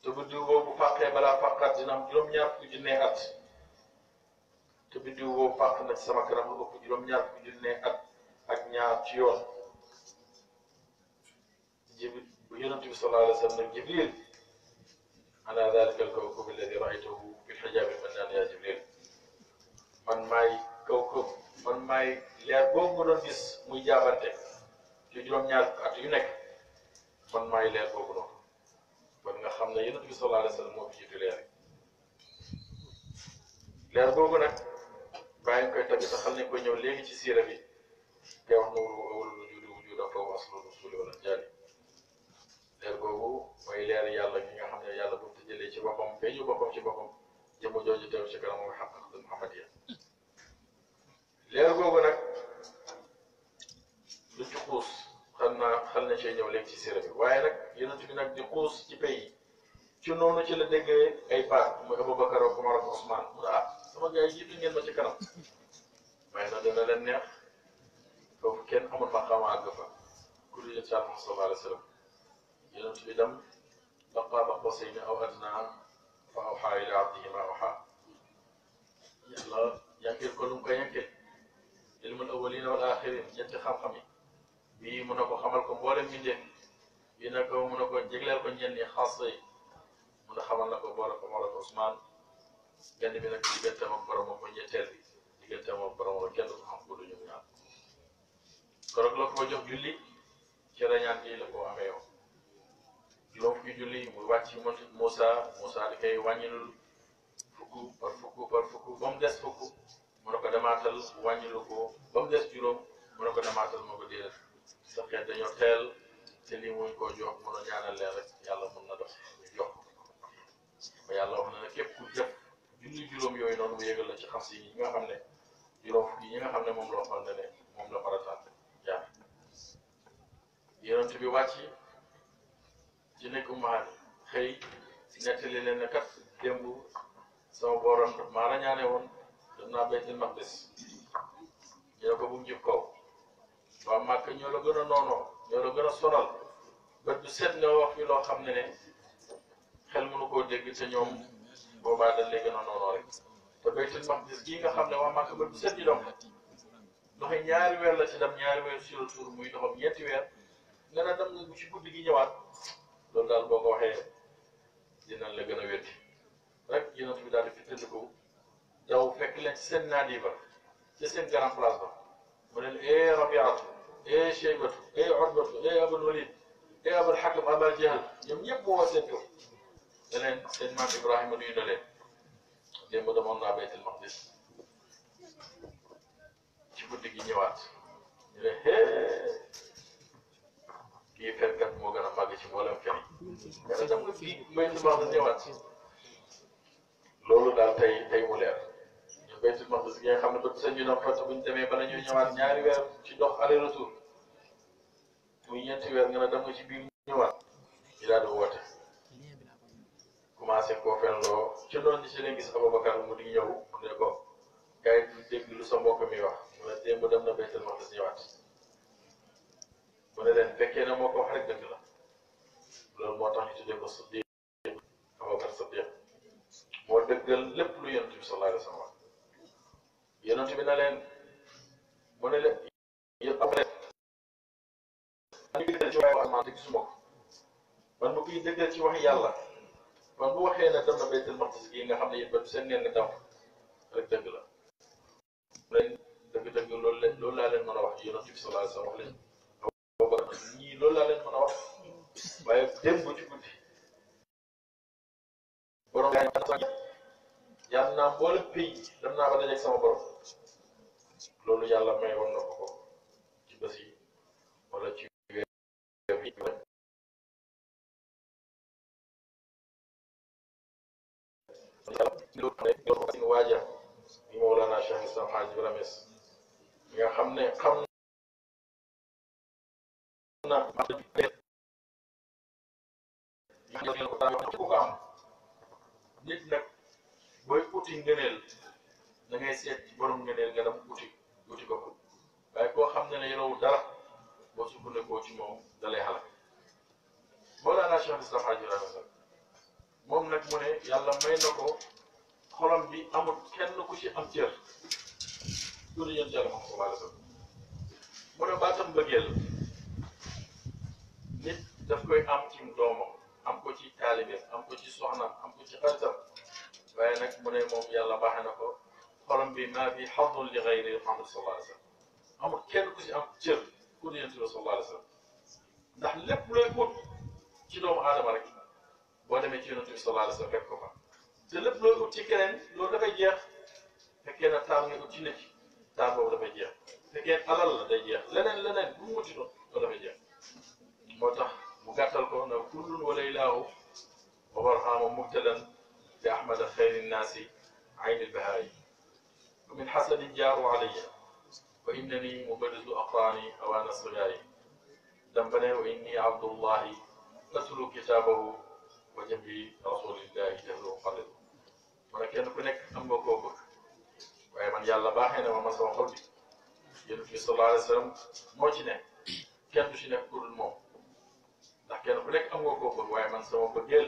te biddiw boobu fàqee balaa fàqaat dina am ñaar ku junnee te biddiw boobu fàq nag sama kanam lu ëpp juróom-ñaar ku junnee ak ñaar ci yoon jibril bu yonent bi sallallahu alayhi wa sallam nag jibril ana dalika alkawkab alladi raaytahu bi xijaabi man naan yaa jibril man maay kawkab man maay leer boobu nga doon gis muy jaabante ci juróom-ñaar at yu nekk man maay leer boobu noonu kon nga xam ne yonent bi sallallahu alayhi wa sallam moo fi jiitu leer leer boobu nag bàyyi nga koy tagg te xam ne koy ñëw léegi ci siira bi te wax na wul wala lu juudu wujudan fa waslu rusuli wala jaani leer googu mooy leer yàlla gi nga xam ne yàlla bu ci boppam feeñu boppam ci boppam jëmm jooju teew ci kanam nga xam ne Muhammadiya leer googu nag du ci xuus xam naa xam na see ñëw léegi ci séeréer bi waaye nag yonent bi nag di xuus ci pays ci noonu ci la déggee ay baat muy Abubakar ak Umar ak Usmaan mu ne ah sama ma ci kanam waaye kenn amul maqaama àgg fa ku dul yonent Muhammad sallallahu alayhi yonent bi dem baqaa baqa sayna aw adnaa fa awxaa ila abdihi ma awxaa yàlla yànkil ko lu mu ko yànkil ilmul awwalina wal axirin xam-xam yi bii mun na ko xamal ko mboolem mbindeef bii nag ko jégleel ko ñenn ñi xaas yi mun na xamal na ko ko moolal ko Ousmane benn bi nag diggante moom borom moom mooy ñetteel bi diggante moom borom moom kenn du xam ko du ñu ñaan kon nag ko jox julli ci rañaan yi la ko amee juróom yu julli muy wàcc ci Moussa Moussa di koy wàññilul fukk par fukk par fukk ba mu des fukk mu ne ko ko ba des juróom mu ne ko demaatal ma ko dañoo teel te lii muñ koo jox mën a ñaanal rek yàlla mën na dox ñu yàlla wax na ne képp ku julli juróom yooyu noonu mu yëgal la ci xam si ñi nga xam ne juróom yi ñi nga xam ne moom loo waxoon ne ne moom la farataal yaa yonent bi wàcc ci nekk maan xëy nettali leen ne kat démb sama borom daf maa la ñaane woon dem naa baytil maqdis ñu ne ko bu mu kaw waa màkk ñoo la gën a noonoo ñoo la gën a sonal bët bu set nga wax fii loo xam ne ne xel mënu koo dégg te ñoom boobaa dañ lay gën noonoo rek te baytil maqdis gii nga xam ne waa màkk bët bu set ñu dox doxe ñaari weer la ci dem ñaari weer sur le tour muy doxam ñetti weer nga ne dem na bu guddi gi ñëwaat loolu daal boo ko waxee dinañ la gën a wéddi rek yonent bi daal di fi tëdd ko fekk leen ci seen naadi ba ci seen grand place ba mu ne ee eh, Rabiatu ee eh, Cheybatu ee eh, Utbatu ee Abul Walid ee Abul Hakam Aba Jahl ñoom ñëpp woo seen tur ne leen seen maam Ibrahima nuyu na ci guddi gi ñëwaat ñu hee kii fenkat moo gën a màgg ci mboolem fen yi dana dem nga kii baytul loolu daal tey tey mu leer ñu baytul maqdis gi nga xam ne ba sa ñu nam fata buñu demee bala ñaari weer ci dox aller retour muy ñeenti weer nga ne dem nga ci biir ñëwaat ñu daal di woote commencé koo fenloo ci noonu a si leen gis Aboubacar mu di ñëw mu ne ko kaay dégg lu sa mbokk mi wax mu ne démb dem na fekkee ne moo ko wax rek dëgg la loolu moo tax ñu tuddee ko Siddiq Abubakar Siddiq lépp lu yonent bi sallallahu alayhi wa sallam yonent bi na leen mu ne leen yéen am leen ci waaye amaan man bu koy ci wax yàlla man bu waxee ne dem na baytul maqdis gi nga xam ne yéen ba seen ngeen nga daw rek dëgg la mu ne loolu leen loolu laa leen mën a wax yonent bi sallallahu alayhi leen loolu laa leen mën a wax waaye démb ci guddi borom yàlla naa boole pays dem naa ba dajeeg sama borom loolu yàlla may woon ci bés wala ci weer yi waaja yi Mawlana Cheikh Islam Hadj Ibrahima nga xam ne xam am nit nag booy uti ngëneel da ngay seet ci borom ngëneel nga dem uti uti ko ko waaye koo xam ne ne yorewul dara boo sukkandikoo ci moom da lay xalaat Mawlana Cheikh Islam Hadji Ibrahima moom nag mu ne yàlla may na ko xolam bi amul kenn ku ci am cër. loolu yëpp baatam mbëggeel nit daf koy am ci doomam am ko ci taalibe am ku ci soxnaam am ku ci xaritam waaye nag mu ne moom yàlla baaxe na ko xolam bi maa fi xamul li xayri Muhammad sallallahu alayhi wa sallam amul kenn ku ci am cër ku di yonent bi sallallahu alayhi wa sallam ndax lépp looy ut ci doomu aadama rek boo me ci yonent bi sallallahu alayhi wa sallam ko fa te lépp looy ut ci keneen loolu dafay jeex fekkee na taam nga ut ci nit taam boobu dafay jeex fekkee alal la day jeex leneen leneen bu mu wuti doon loolu dafay jeex moo tax mu gàttal ko na kullun wala ilaahu wa barxaama mubtalan bi ahmada xayri nnaasi ayni lbahaari wa min xasanin jaaru alayya wa innani mubarizu aqraani awaana sigaari dam ba ne wa inni abdullahi aslu kitaabahu wa jambi rasulillahi jahlu qalil man kenn ku nekk am nga koo bëgg waaye man yàlla baaxee na ma ma sama xol bi yonent bi sallallahu alayhi wa sallam moo ci ne kenn du ci nekk ku dul moom ndax kenn ku nekk am nga koo bëgg waaye man sama bëggeel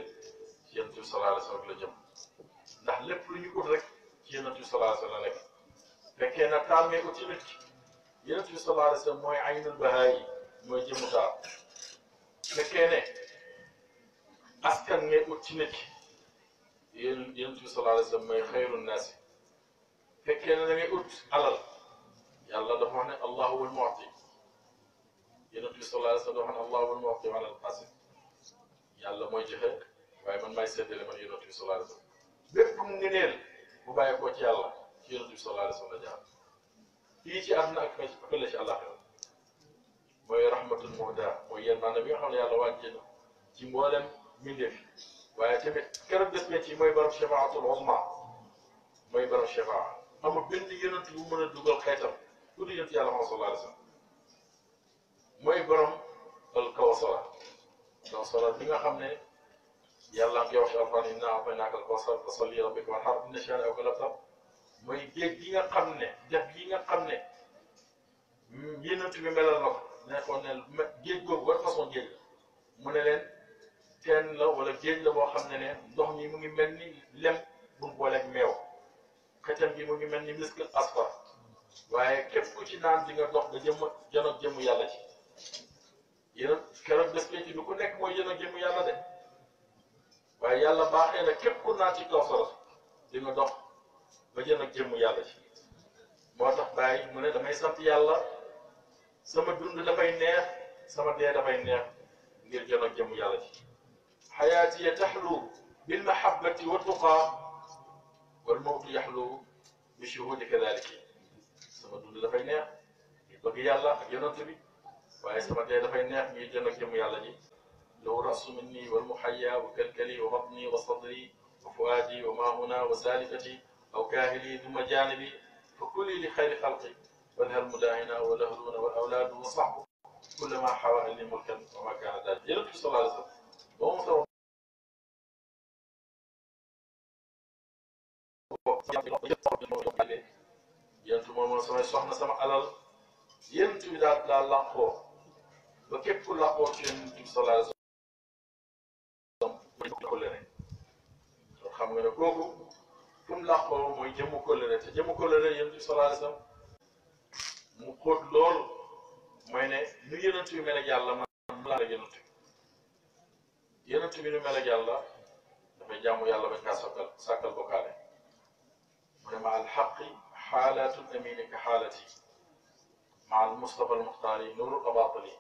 ci yonent bi sallallahu alayhi wa sallam la jëm ndax lépp lu ñu ut rek ci yonent bi sallallahu alayhi wa sallam la nekk fekkee na taal ngay ut ci nit ki yonent bi sallallahu alayhi wa sallam mooy aynul bahaa yi mooy jëmu taal fekkee ne askan ngay ut ci nit ki yonent bi sallallahu alayhi wa sallam mooy xayrun naasi fekkee ne da ngay ut alal yàlla dafa wax ne allahu wal mu'ti yonent bi sallallahu alayhi wa sallam allahu al-mu'ti wa al-qasim yàlla mooy joxe waaye man maay seddale man yonent bi sallallahu alayhi wa sallam bépp ngëneel bu bàyyi ko ci yàlla ci yonent bi sallallahu alayhi wa sallam la jaar fii ci àdduna ak fële ci àllaaxira mooy rahmatul muhda mooy yërmande bi nga xam ne yàlla wàcce na ci mboolem mbindeef waaye tamit keroog des na ci mooy barab shafaatul umma mooy barab shafaa amul benn yonent bu mën a dugal xeetam ku di yonent yàlla sallallahu alayhi wa sallam mooy borom al kawsara kawsara bi nga xam ne yàlla ak yow si alquran inna a'taynaaka al kawsara fa salli li rabbika wanhar inna shani'aka labtar mooy géej gi nga xam ne def gi nga xam ne yéenant bi melal na géej googu war façon géej la mu ne leen teen la wala géej la boo xam ne ne ndox mi mu ngi mel ni lem bu mu booleeg meew xetam gi mu ngi mel ni misk asfar waaye képp ku ci naan di nga dox nga jëm janoog jëmu yàlla ci yéen keroog bés pénc bi ku nekk mooy yéen a jëm yàlla de waaye yàlla baaxee na képp ku naa ci kaw solo di nga dox ba jën ak jëmm yàlla ci moo tax bàyyi mu ne damay sant yàlla sama dund dafay neex sama dee dafay neex ngir jën ak jëmm yàlla ci xayaati ya taxlu bil mahabbati wa tuqa wal mawtu yaxlu bi shuhudi kadaliki sama dund dafay neex ngir bëgg yàlla ak yonent bi waaye sama dee dafay neex ngir jëm ak jëm yàlla ji law rasu min nii wal muxaya wa kalkali wa batni wa sadri wa fuaadi wa maamuna wa saalifati aw kaahili duma jaanibi fa kuli li xayri xalqi walhal mudaahina wa lahluuna wal awlaadu wa saxbu kullama xawa li mulkan wa ma kaana daal yéen bi sallallahu alayhi wa sallam boo mu sa yentu moom mooy samay soxna sama alal yentu bi daal laa làqoo ba képp ku laqoo seen di sallallahu alayhi wasallam xam nga ne kooku fu mu laqoo mooy jëmu kóllëre te jëmu kóllëre yéen di sallallahu alayhi wasallam mu xóot lool mooy ne nu yonent bi mel ak yàlla man mu laa yonent bi yonent bi nu mel ak yàlla dafay jaamu yàlla bañ kaa sàkkal sàkkal bokkaale mu ne ma al xaqi xaalatul amini ka xaalati ma al mustafa al muxtaari nurul abaatali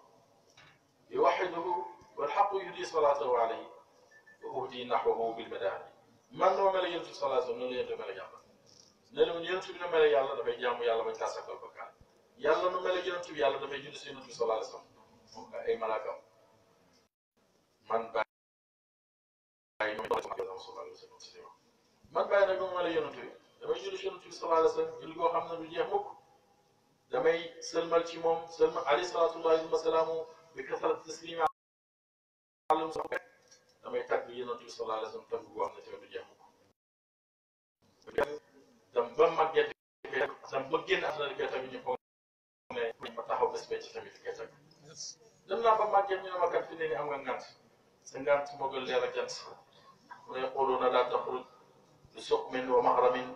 يوحده والحق يدي صلاته عليه وأهدي نحوه بالمداحي man noo mel yonent bi salaa sallam noonu la yonent mel yàlla ne la yonent bi na mel yàlla dafay jaamu yàlla bañ kaa sakkal bakkaar yàlla nu mel yonent bi yàlla dafay julli si yonent bi salaa sallam moom ka ay malaakam man bàyyi ñoom man bàyyi nag moom mel yonent bi damay julli si yonent bi salaa sallam julli koo xam ne du jeex mukk damay sëlmal ci moom sëlmal alayhi salaatu wa salaamu bi kasara taslima àllum sa rek damay tàgg yonent bi sallallahu alayhi wa sallam tàgg bu wax na te du jeex dam ba màggee dam ba génn àdduna di koy tàgg ñu foog ne ma taxaw bés bee ci tamit di koy tàgg dem naa ba màggee ñu ne ma kat fi ne ni am nga ngànt sa ngànt moo gën leer ak jant mu ne xooloo na laa taxruj li suqmin wa mahramin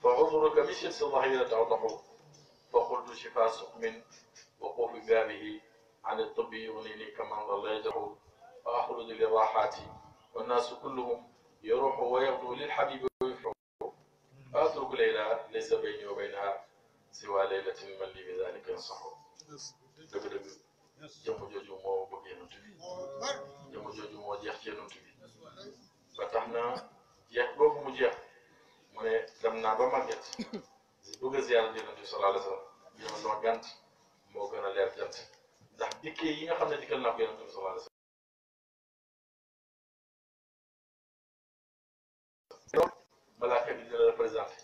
fa udruka misil sa zahirata aw taxu fa xul du shifa suqmin wa qul bi baabihi عن الطب يغنيني كمن ظل يجرح وأخرج للراحات والناس كلهم يروح ويغدو للحبيب ويفرح وأترك ليلى ليس بيني وبينها سوى ليلة من لي بذلك ينصح dëgg dëgg jëmm jooju moo bëgg yonent bi jëmm jooju moo jeex ci yonent bi ba tax na jeex boobu mu jeex mu ne dem naa ba màgget [COUGHS] bëgg a ziyaar yonent bi sallallahu alayhi wa sallam gant moo gën a leer jant ndax dikkee yi nga xam ne dikkal naa ko yonent bi sallallahu alayhi wasallam malaaka bi dina la présenté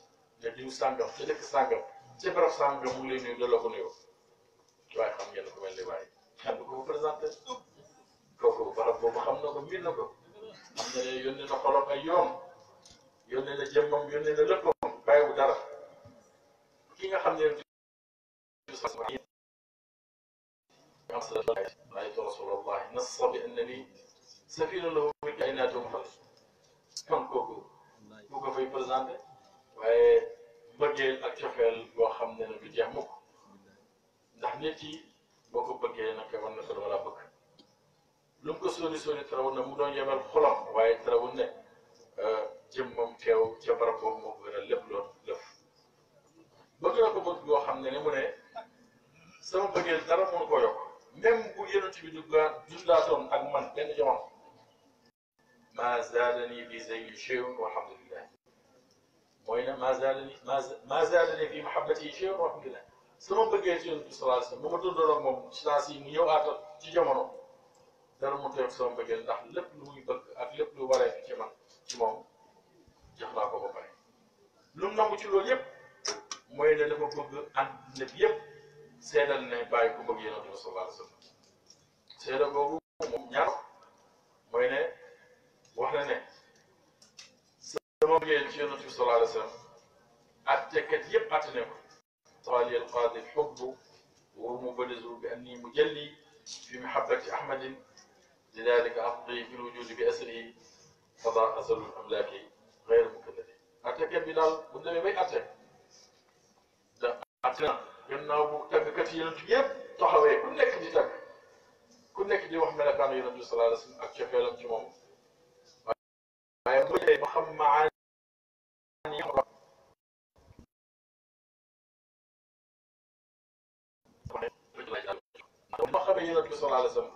ne diw sàngam ca dëkk sàngam ca barab sàngam mu ngi lay nuyu ko nuyoo waaye xam ngeen ko mel ni waaye xam nga ko ko présenté boobu xam na ko miin na ko xam ne yónnee na xolam ay yoon yónnee na jëmmam yónnee na léppam xassa bi annani safina lahu min kainaati Muhammad kon kooku ko fay présenté waaye bëggeel ak cofeel boo xam ne ne du jeex mukk ndax nit yi boo ko bëggee naka war na ko doon laa bëgg lu mu ko sóoni mu doon yemal xolam waaye tarawoon ne euh, jëmmam ca barab boobu moo a lépp lool lëf bëgg na ko bëgg boo xam ne ne mu ne sama bëggeel dara moo ko yokk même bu yonent bi duggaa duggaatoon ak man benn jamono ma zaadani fi zeyyi cheyun walhamdulillah mooy ne ma zaadani ma zaadani fi mahabbati cheyun walhamdulillah su ma bëggee ci yonent bi sallallahu alayhi wasallam ma dundoon ak moom ci saa si mu ñëw aatal ci jamono dara mu toog sama bëggee ndax lépp lu muy bëgg ak lépp lu waree ci man ci moom jox naa ko ba pare lu mu nangu ci loolu yëpp mooy ne dafa bëgg ànd bi yëpp seedal ne bàyyi ku bëgg yonent bi sallallahu alayhi wa sallam seede boobu moom ñaar mooy ne wax na ne sama bëggee ci yonent bi sallallahu alayhi wa sallam attekat yëpp atte ne ko taali alqaadi alxubbu wa mubalizu bi anni mujalli fi mahabbati ahmadin lidalika aqdi fi lwujudi bi asrihi fada asalu amlaaki غير مكلفين attekat bi daal bu demee bay atte da atte na gannaaw bu tàggkat yi yonent bi yëpp taxawee ku nekk di tàgg ku nekk di wax melokaanu yonent bi sallallahu alayhi wa sallam ak cofeelam ci moom waaye bu ñëwee ba xam maani yi ma xamee yonent bi sallallahu alayhi wa sallam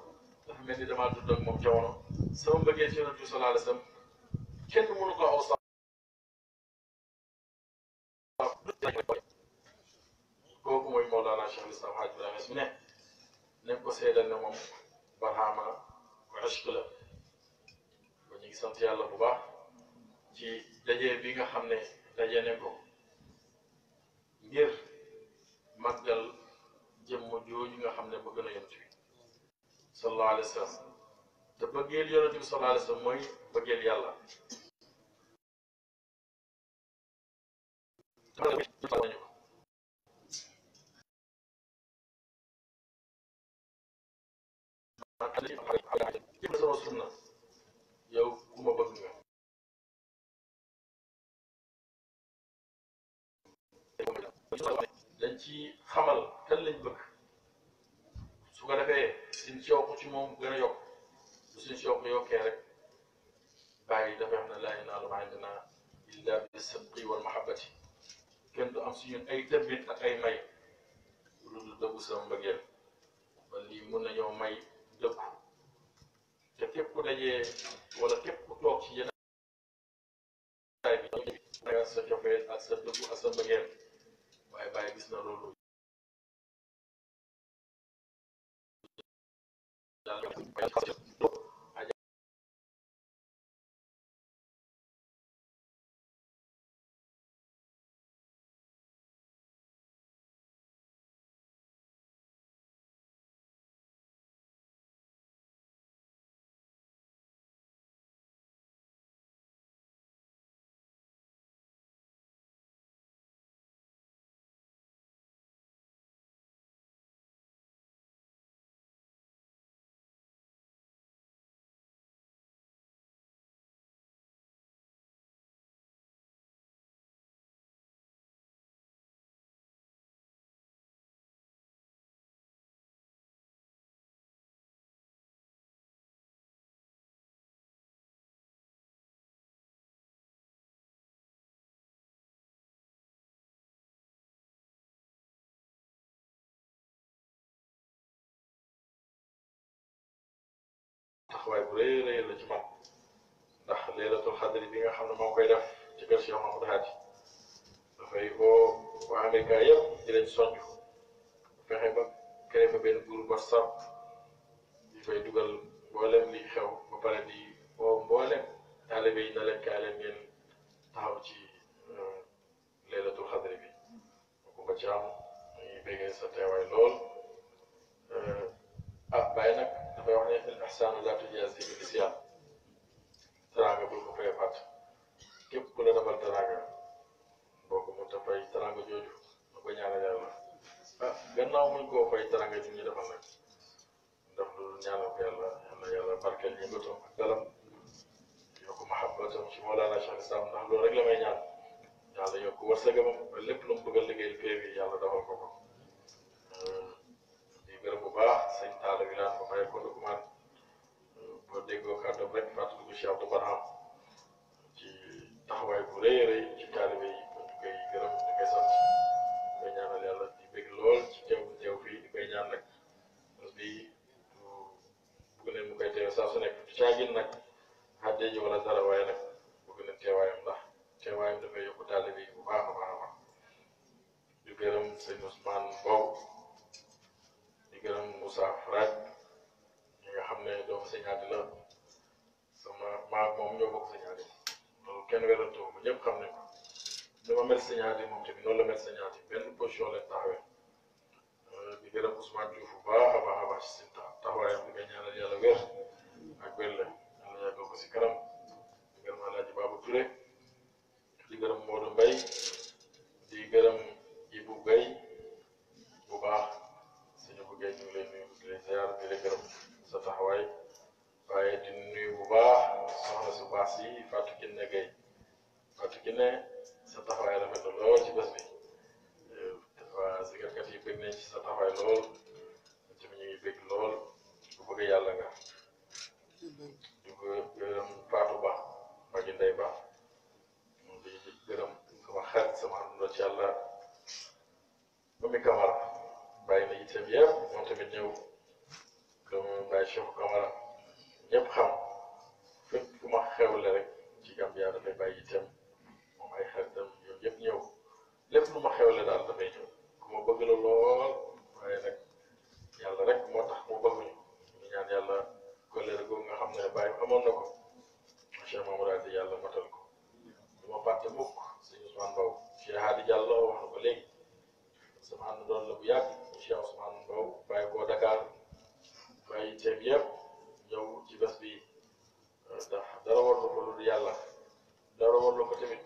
dafa mel ni damaa dund ak moom jamono sama mbëggee ci yonent bi sallallahu alayhi wa sallam kenn mënu ko aw Mawlana Cheikh Islam Hadj Ibrahima bi ne nañ ko seedal ne moom barhama wa ashq la kon ñu ngi sant yàlla bu baax ci dajee bi nga xam ne dajee ne ko ngir màggal jëmm jooju nga xam ne bëgg na yonent bi sallallahu alayhi wa sallam te bëggeel yonent bi sallallahu alayhi wa sallam mooy bëggeel yàlla nañu képp sama sunna yow ku dañ ci xamal kan lañ bëgg su ko defee sin sooku ci moom gën a yokk bu suñ sooku yokkee laa yanaalu maa indinaa illaa bi sabqi wal mahabbati kenn du am suñu ay tëbbit ak ay may lu dul dëggu sama mbëggeel wala lii mun nañoo may dëkku te képp ku dajee wala képp ku toog ci yenn taay bi nga sa cofeel ak sa dëkku ak sa mbëggeel waaye na loolu yàlla taxawaay bu rëy rëy la ci man ndax leelatul xadri bi nga xam ne moo koy def ci kër Cheikh Mamadou Hadj dafay woo waa Amérique yëpp di leen soññ fexe ba créé fa benn dugal mboolem li xew ba pare di mboolem taalibe yi na leen kaay leen ngeen taxaw ci euh, leelatul xadri bi ko ba ci am ñu ngi béggee sa lool euh, ah bàyyi dafay wax ne al ihsaanu laa tujaazi bil teraanga bul ko fay fàtt képp ku la defal teraanga boo ko fay teraanga jooju nga ko ñaanal yàlla ah gannaaw muñ koo fay teraanga ji ñu defal nag ndax loolu ñaanal ko yàlla yàlla yàlla barkeel ñu bëtoom ak dalam ci Mawlana Cheikh Islam ndax loolu rek la may ñaan yàlla yokk wërsëgam ba lépp mu bëgg a liggéey fee bi yàlla defal ko ko. Euh, di gërëm bu baax sëñ Talla bi naan may ko boo déggoo kàddoom rek fàttaliku Cheikh Abdou Barham ci taxawaay bu rëy a rëy ci taalibe yi ñu koy gërëm di koy sant di koy ñaanal yàlla di ñaan nag parce que bëgg nañ mu koy teew saa su nekk caagin nag xàjjee ji wala dara waaye nag bëgg nañ teewaayam ndax teewaayam dafay yokk taalibe yi a baax a baax di gërëm sëñ Ousmane Mbow di gërëm Moussa Frade. nga xam ne doomu sëñ sama maa moom ñoo bokk sëñ Hady kenn werantoo ko xam ne ni ma mel sëñ Hady moom tamit noonu la benn position lañ taxawee euh, baax a baax a baax si taxawaayam di nga ñaanal yàlla wér ak wér la yàlla yàggal ko si kanam di gërëm Alaaji Babou Touré di gërëm Modou Mbaye di gërëm Ibou Gueye bu baax sëñ Ibou Gueye ñu ngi lay nuyu di lay sa taxawaay waaye di nuyu bu baax soxna su baax si Fatou Kiné Gaye Fatou Kiné sa taxawaay lool ci bés bi euh, waa yi bëgg nañ ci sa taxawaay lool ci ñu ngi bëgg lool bu bëgg yàlla nga di ko gërëm Fatou Ba magi ndey Ba di gërëm sama xarit sama àndandoo ci yàlla ba mi kamara bàyyi na itam yëpp moom tamit ñëw Baye Cheikh Camara ñëpp xam fépp ku ma xewle rek ci Gambia dafay bàyyi itam moom ay xaritam ñoom xewle daal dafay ñëw ku ma bëgg la lool waaye nag yàlla rek moo tax mu bëgg ñu ñu ñaan yàlla colère googu nga xam ne Baye amoon na ko monsieur Mamadou Adi yàlla matal ko du ma fàtte mukk suñu Ousmane Mbow Cheikh Hadi Diallo wax na ko léegi sama doon la bu yàgg monsieur Ousmane Mbow bàyyi koo Dakar bàyyi teem yëpp ñëw ci bés bi euh, dara war na yàlla dara war na ko tamit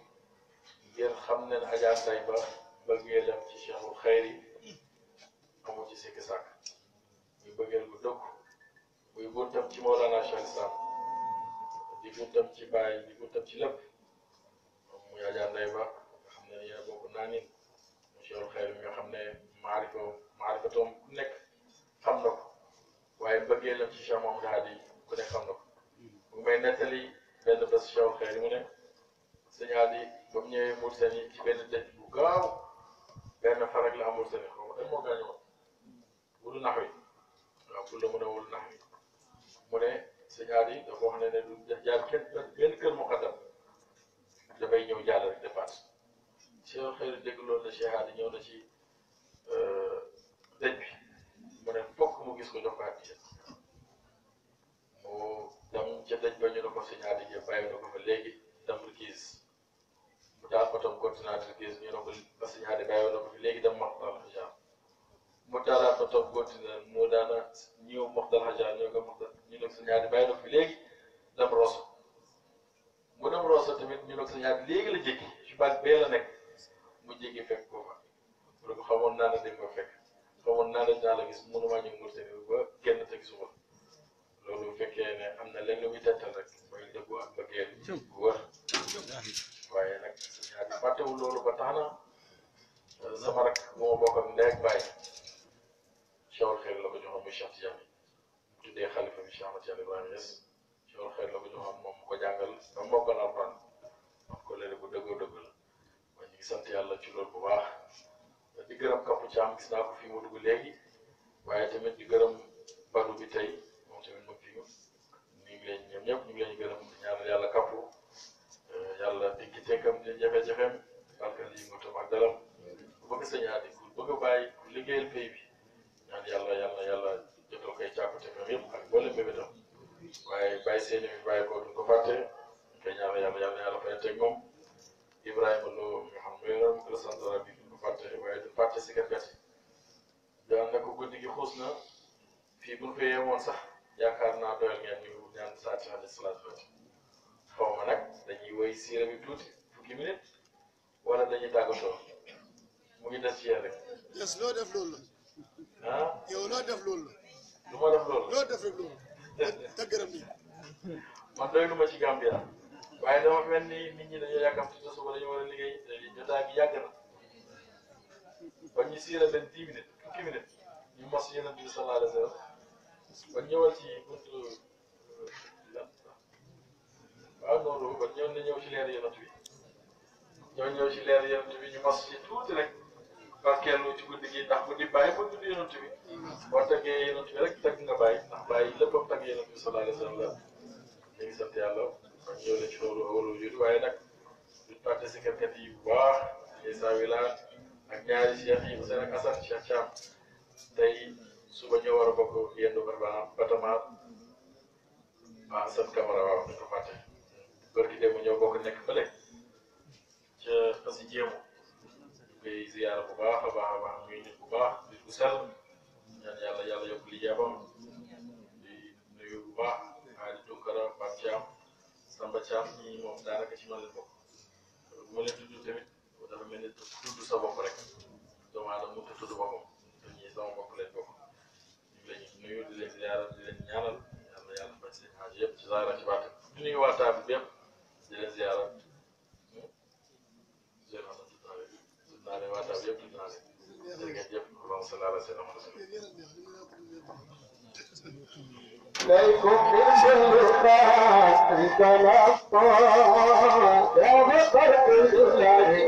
ngeen xam ne Adja Nday Ba bëggeelam ci Cheikhul Xayri amul ci sikki sàkk ñu bëggeel gu dëkk muy buntam ci Mawlana Cheikh Islam di buntam ci baay di buntam ci lépp muy Adja Nday Ba nga xam ne yéen bokk naa ni Cheikhul Xayri mi nga xam ne maarifa maarifatom ku nekk xam na waaye bëggeelam ci Cheikh Mamadou Hadi ku ne xam na mu may nettali benn bés Cheikh xëy mu ne sëñ Hadi ba mu ñëwee ci benn dëj bu gaaw benn farag la am Mauritanie xaw ma dañ moo gaañu la mën a wulu nax mu ne sëñ Hadi dafa wax ne ne du kenn kër mu xaddam dafay ñëw jàll rek départ Cheikh xëy dégg loolu na Cheikh Hadi ñëw na ci euh, dëj bi mu dem toog mu gis ko jox ko addiya mu dem ca daj ba ñu ne ko suñu addiya bàyyi na ko fa léegi dem kiis mu daal otom continuateur kiis ñu ne ko ba suñu addiya bàyyi na ko fi léegi dem maxtal xajaar mu daalaat otom continuateur mu daana ñëw maxtal xajaar ñoo ko maxtal ñu ne ko suñu addiya bàyyi na ko fi léegi dem roso mu dem roso tamit ñu ne ko suñu addiya léegi la jékki ci baag bee la nekk mu jékki fekk ko fa pour que xamoon naa ne dañ ko fekk. xawoon naa la dinaa la gis mënumaa ñu Mauritanie bi te gisuma loolu fekkee ne am na lenn lu muy rek mooy dëggu ak bëggeel bu waaye nag ñaari fàttewul loolu ba tax euh, sama rak moo bokkam ndey ak bàyyi Cheikhul Xayr la ko joxoon muy Cheikh Tidiane tuddee xalifa bi Cheikh Tidiane Ibrahima Niass Cheikhul Xayr la ko joxoon moom ko jàngal ba mbokk alxuraan wax ko léegi la waaye sant yàlla ci loolu bu baax. gërëm Kamb Thiam gis naa ko fi mu dugg léegi waaye tamit di gërëm Badou bi tey moom tamit moom fi mu ñu ngi leen ñoom ñëpp ñu ngi leen gërëm di ñaanal yàlla Kamb eh, yàlla diggi tekkam di jafe-jafeem barkal yi ngotam ak dalam ku bëgg sa ñaari ku bëgg a yàlla yàlla yàlla jotal koy càkkute fam yëpp ak boole mbébétam waaye bàyyi seen i bàyyi ko duñ ko fàtte koy ñaanal yàlla yàlla fay teg moom Ibrahima Lo nga xam ne loolu fàttali waaye du fàtte si gàtt daan na ko guddi gi xuus na fii bu ñu ko yeewoon sax yaakaar naa doyal ngeen ñu ñaan saa ci alayhi salaatu wa xaw ma nag dañuy woy siira bi tuuti fukki minute wala dañuy tàggatoo mu ngi des ci yéen rek. yes loo def loolu la. ah yow loo def loolu la. lu ma def loolu la loo def rek loolu la. [LAUGHS] te gërëm nii. man doylu ma ci Gambia waaye dama mel ni nit ñi dañoo yàkkamti te suba dañu war a liggéey jotaay bi yàgg na. ba ñu siira benn dix minutes fukki minutes ñu mos yonent bi sallallahu alayhi wa sallam ba ñëwal ci buntu euh, waaw noonu ba ñëw na ñëw ci leer yonent bi ñoo ñëw ci leer yonent bi ñu mos ci tuuti rek barkeelu ci guddi gi ndax bu di bàyyi ba tudd yonent bi boo tàggee yonent bi rek tagg nga bàyyi ndax bàyyi lépp a tagg yonent bi sallallahu alayhi wa sallam ñu ngi sant yàlla ba ñëw na ci loolu awaloo yooyu waaye nag duñ participer kat yi bu baax les saa wi laat ak ñaari cheikh yi seen ak asan cheikh Thiam tey suba ñu war a bokk yendu barbaam batamaar ah, maa asan camara waaw ñu ko fàtte bërki démb ñoo bokk nekk fële ca asi jéemu ñu koy ziyaara bu baax a baax bu baax nit bu sell ñaan yàlla yokk lijaabam di nuyu bu baax Aliou Tunkara Pape Samba Thiam ñi moom daanaka ci man bokk bu ma leen tamit dafa mel ni tudd sa bopp rek doomu aadama mu tudd boppam dañuy sama bopp leen bopp ñu nuyu di leen ziaral di ñaanal yàlla yàlla faj seen yëpp ci zaahir ci baatin ñu nuyu waa taab bi yëpp di leen ziaral naa leen waa taab yëpp naa leen jërëjëf yëpp ليكم بالشرقاء تلقى يا بطرق الله طول الليالي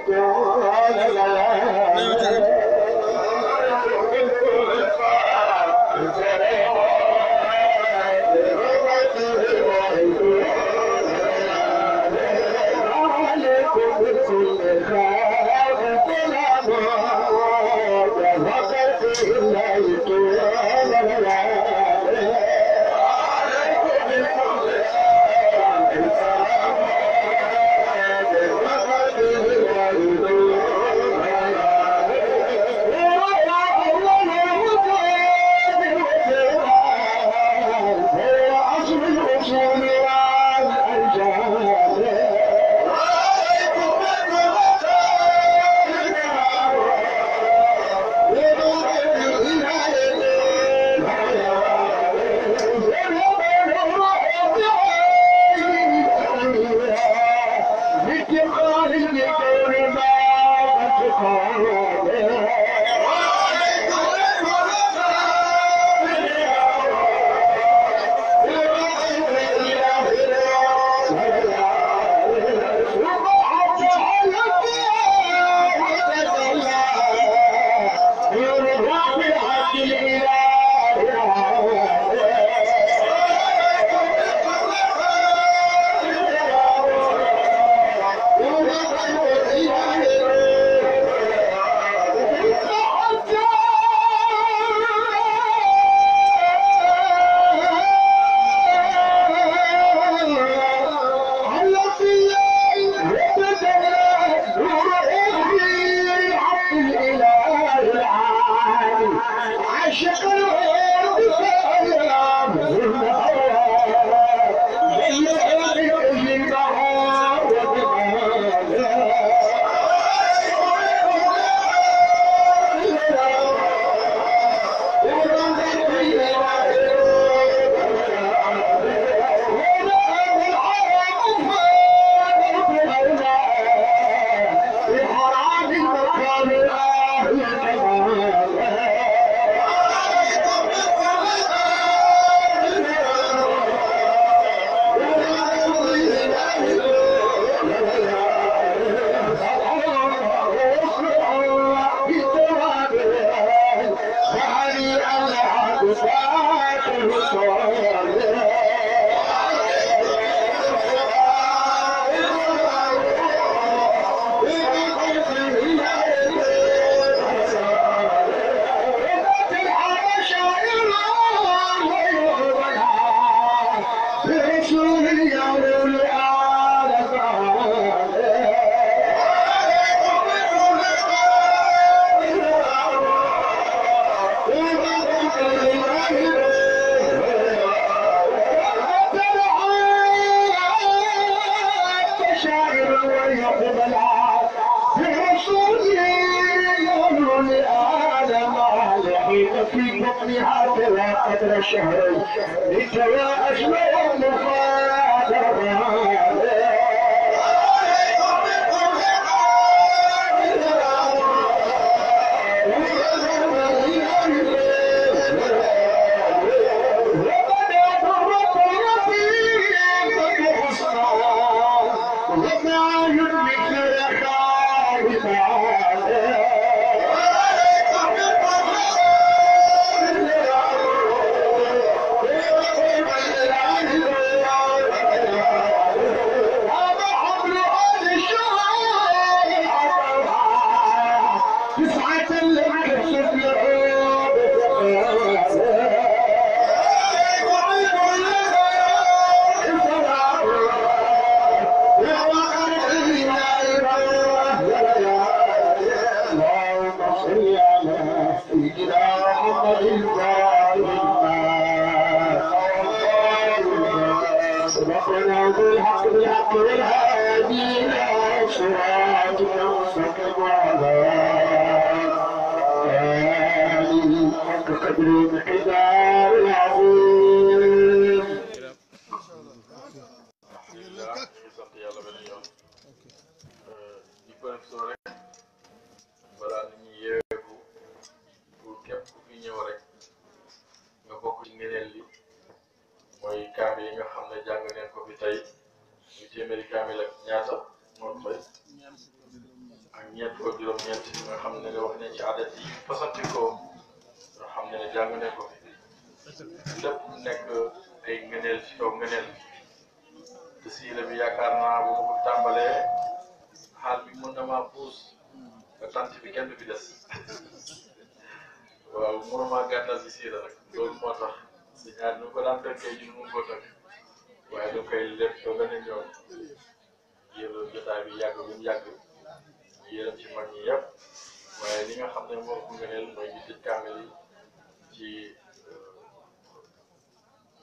يقولون إذا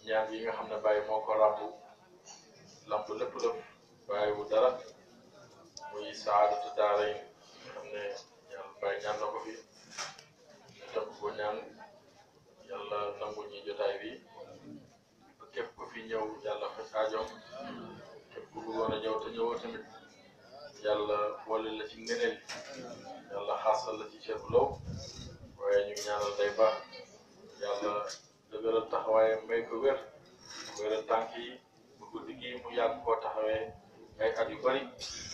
ñaan yi nga xam ne bàyyi moo ko ràmbu lamb lépp lépp bàyyi wu dara muy saadatu daara yi nga xam ne ñaan ñaan na ko fi ñu def ko ñaan yàlla nangu ñi jotaay bi képp fi ñëw yàlla faj aajoom képp ku bëggoon a ñëw te tamit yàlla boole la ci ngëneel yàlla xaasal la ci ceeb lool waaye ñu ñaanal day baax yàlla dëgëral taxawaayam may ko wér wéral tànk yi bu guddi gi koo taxawee ay at yu bëri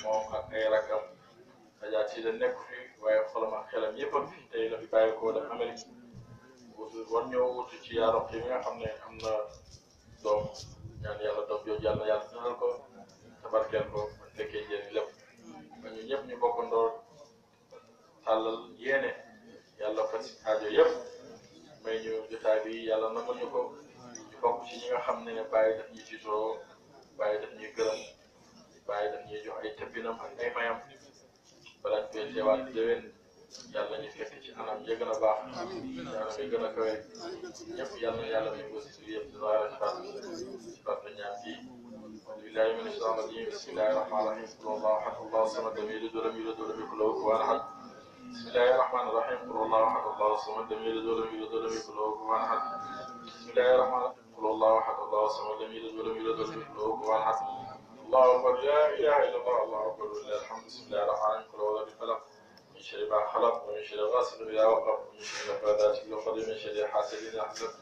moom ak ay rakkam ajaat yi da nekk fi waaye xolam ak xelam yëpp fi tey la fi bàyyi koo dem Amérique wutu war ci yaarox yi nga xam ne am na doom ñaan yàlla doom jooju yàlla yàlla dundal ko tabarkeel ko man fekkee njëriñ lépp ñu ñëpp ñu bokkandoo tàllal yéene yàlla faj aajo may ñu jotaay bi yàlla nangal ñu ko ñu ci ñi nga xam ne bàyyi daf ñuy tiituroo bàyyi daf ñuy gërëm bàyyi daf ñuy jox ay tëbbinam ak ay mayam balaa koy teewaat déwén yàlla ñu fekk ci anam ya gën a baax ci anam ya gën a kawe ñëpp yàlla si suñu yëpp di la rafetal ci fàttali ñaan bi بالله من الشيطان الرجيم بسم الله الرحمن الرحيم صلى bismillahi rahmaani rahiim qul allahu ahad allahu samad lam yalid walam yulad walam yakun lahu kufuwan ahad bismillahi rahmaani rahiim qul allahu ahad allahu samad lam yalid walam yulad walam yakun lahu kufuwan ahad allahu akbar la ilaha illallah allahu akbar walillahi alhamdu bismillahi rahmaani rahiim qul a'uudu birabbil falaq min sharri maa xalaq wa min sharri gaasidin idaa waqab min sharri naffaasaati fil uqad min sharri haasidin idaa hasad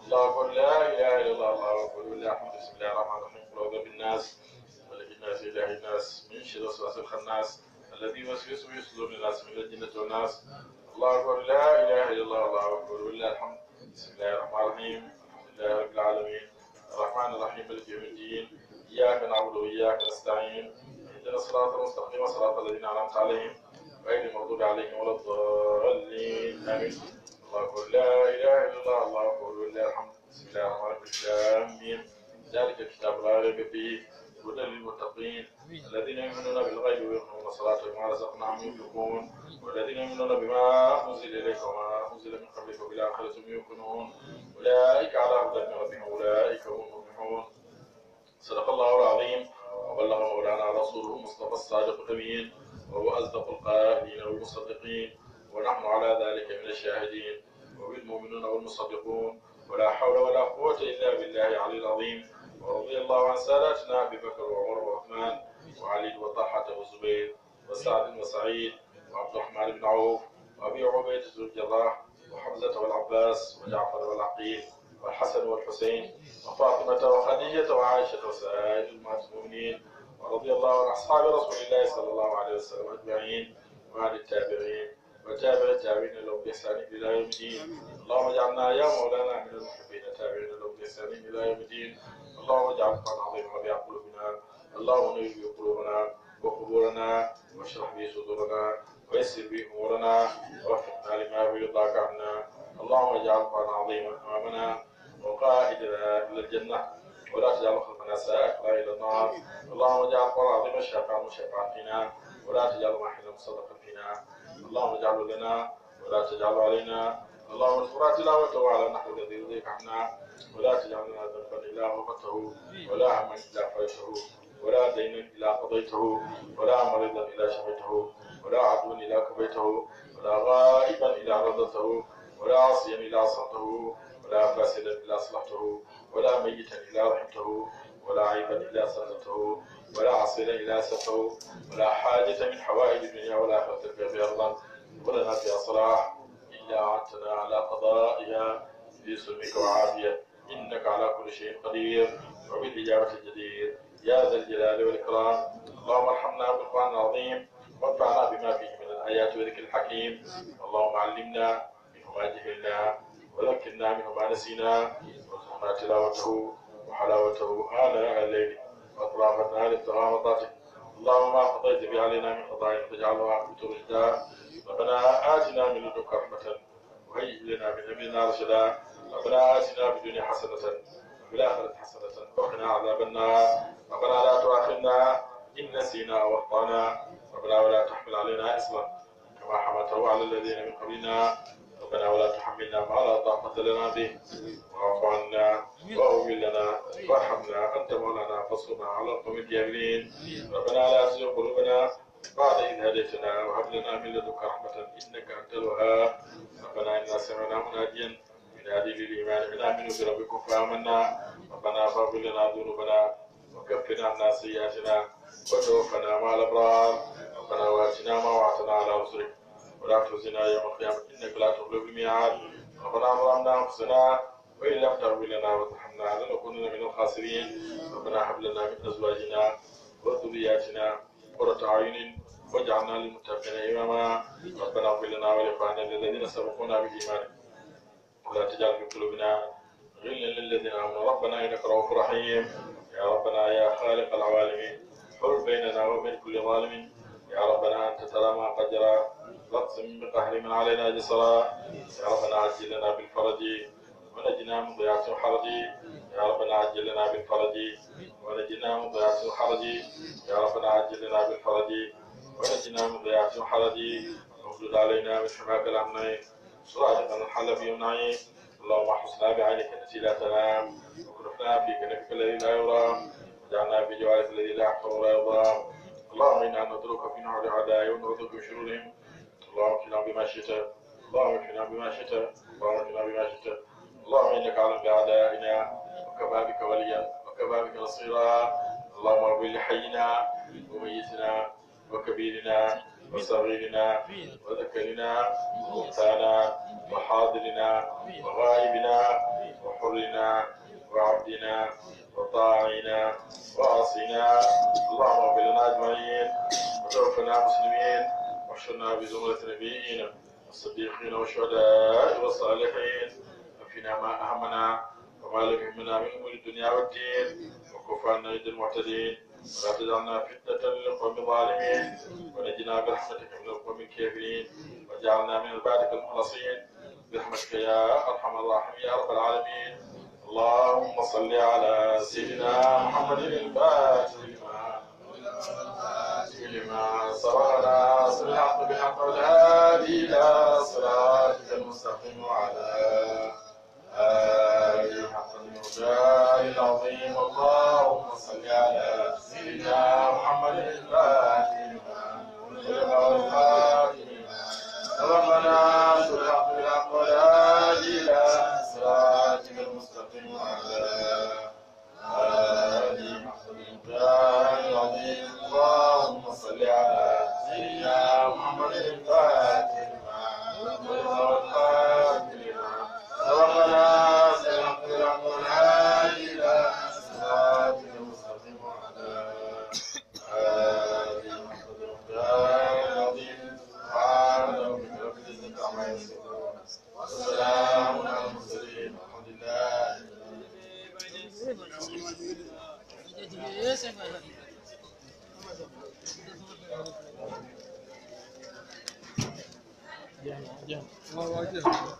allahu akbar la ilaha illallah allahu akbar walillahi alhamdu bismillahi rahmaani rahiim qul a'uudu birabbin naas maliki nnaas ilaahi nnaas min sharri waswaasil xannaas الذي يوسوس في صدور الناس من الجنة والناس الله أكبر لا إله إلا الله الله أكبر ولله الحمد بسم الله الرحمن الرحيم الحمد لله رب العالمين الرحمن الرحيم مالك يوم الدين إياك نعبد وإياك نستعين اهدنا الصراط المستقيم صراط الذين أنعمت عليهم غير المغضوب عليهم ولا الضالين آمين الله أكبر لا إله إلا الله الله أكبر ولله الحمد بسم الله الرحمن الرحيم ذلك الكتاب لا ريب فيه هدى للمتقين الذين يؤمنون بالغيب ويقيمون الصلاة ومما رزقناهم ينفقون والذين يؤمنون بما أنزل إليك وما أنزل من قبلك وبالآخرة هم يوقنون أولئك على هدى من ربهم أولئك هم المفلحون صدق الله العظيم وبلغ مولانا رسوله المصطفى الصادق الأمين وهو أصدق القائلين والمصدقين ونحن على ذلك من الشاهدين وبالمؤمنون والمصدقون ولا حول ولا قوة إلا بالله العلي العظيم ورضي الله عن ساداتنا أبي بكر وعمر وعثمان وعلي وطلحة وزبير وسعد وسعيد وعبد الرحمن بن عوف وأبي عبيدة بن الجراح وحمزة والعباس وجعفر والعقيل والحسن والحسين وفاطمة وخديجة وعائشة وسائر أمهات المؤمنين ورضي الله عن أصحاب رسول الله صلى الله عليه وسلم أجمعين وعن التابعين وتابع التابعين لهم بإحسان إلى يوم الدين اللهم اجعلنا يا مولانا من المحبين التابعين لهم بإحسان إلى يوم الدين اللهم اجعل القرآن عظيما ربيع قلوبنا اللهم نجب قلوبنا وقبورنا واشرح به صدورنا ويسر به امورنا ووفقنا لما يرضاك عنا اللهم اجعل القرآن عظيما امامنا وقائدنا الى الجنه ولا تجعل خلفنا سائقنا الى النار اللهم اجعل القرآن عظيما شفعا وشفعا فينا ولا تجعل محلا مصدقا فينا اللهم اجعله لنا ولا تجعل علينا اللهم اذكرها تلاوته على نحو الذي يرضيك عنا ولا تجعل لنا ذنبا الا غفرته ولا هما الا فرجته ولا دينا الا قضيته ولا مريضا الا شفيته ولا عدوا الا كفيته ولا غائبا الا رضته ولا عاصيا الا صمته ولا فاسدا الا اصلحته ولا ميتا الا رحمته ولا عيبا الا سلمته ولا عصيرا الا سفه ولا حاجه من حوائج الدنيا ولا اخره فيها رضا ولنا فيها صلاح جعلتنا على قضائها في سلمك وعافية إنك على كل شيء قدير وبالإجابة الجدير يا ذا الجلال والإكرام اللهم ارحمنا بالقرآن العظيم وانفعنا بما فيه من الآيات وذكر الحكيم اللهم علمنا منهما جهلنا وذكرنا منهما نسينا وارزقنا تلاوته وحلاوته آلاء الليل وأطراف النهار ابتغاء مرضاتك اللهم ما قضيت به علينا من قضاء فاجعلها في رشدا ربنا آتنا من لدنك رحمة وهيئ لنا من أمرنا رشدا ربنا آتنا في الدنيا حسنة وفي الآخرة حسنة وقنا عذاب النار ربنا لا تؤاخذنا إن نسينا أو أخطأنا ربنا ولا تحمل علينا إصرا كما حملته على الذين من قبلنا ربنا ولا تحملنا ما لا طاقة لنا به واعف عنا واغفر لنا وارحمنا أنت مولانا فانصرنا على القوم الجاهلين ربنا لا تزغ قلوبنا بعد إذ هديتنا وهب لنا من لدنك رحمة إنك أنت الوهاب ربنا إنا سمعنا مناديا ينادي للإيمان أن آمنوا بربكم فآمنا ربنا فاغفر لنا ذنوبنا وكفنا عنا سيئاتنا وتوفنا مع الأبرار ربنا وآتنا ما وعدتنا على رسلك ولا تخزنا يوم القيامة إنك لا تخلف الميعاد ربنا ظلمنا أنفسنا وإن لم تغفر لنا وترحمنا لنكونن من الخاسرين ربنا هب لنا من أزواجنا وذرياتنا قرة أعين واجعلنا للمتقين إماما ربنا اغفر لنا ولإخواننا الذين سبقونا بالإيمان ولا تجعل في قلوبنا غلا للذين آمنوا ربنا إنك رؤوف رحيم يا ربنا يا خالق العالمين حل بيننا وبين كل ظالم يا ربنا أنت ترى ما قد جرى واقسم بقهر من علينا جسرا يا ربنا عجل لنا بالفرج ونجنا من ضياعة الحرج يا ربنا عجل لنا بالفرج ونجنا من ضياعة الحرج يا ربنا عجلنا بالفرج ونجنا من ضياعة الحرج وافرج علينا من حماك الأمن صراطك الحلبي النعيم اللهم احفظنا بعينك نسيلتنا وكرفنا في كنفك الذي لا يرام وجعلنا في جوارك الذي لا يحكم ولا يضام اللهم انا نترك في نار الاعداء ونعوذك من شرورهم اللهم اكفنا بما شئت اللهم اكفنا بما شئت اللهم اكفنا بما شئت اللهم انك اعلم باعدائنا وكفى بك وليا وكفى بك نصيرا اللهم اغفر لحينا وميتنا وكبيرنا وصغيرنا وذكرنا وانثانا وحاضرنا وغائبنا وحرنا وعبدنا وطاعنا وعاصينا اللهم اغفر لنا اجمعين وتوفنا مسلمين واحشرنا بزمرة نبينا الصديقين والشهداء والصالحين وفينا ما اهمنا وما لم يهمنا من امور الدنيا والدين وكفانا يد المعتدين رب اجعلنا فتنة للقوم الظالمين ونجنا برحمتك من القوم الكافرين وجعلنا من عبادك المخلصين برحمتك يا أرحم الراحمين يا رب العالمين اللهم صل على سيدنا محمد الفاتح لما لما سبق ناصر الحق بالحق والهادي إلى صراطك المستقيم وعلى آمين حق المرجاء العظيم اللهم صل على سيدنا محمد الفاتح ربنا سبحانك بالحق ولا إلى صراطك المستقيم وعلى آله حق المرجاء العظيم اللهم صل على Allah'a emanet olun.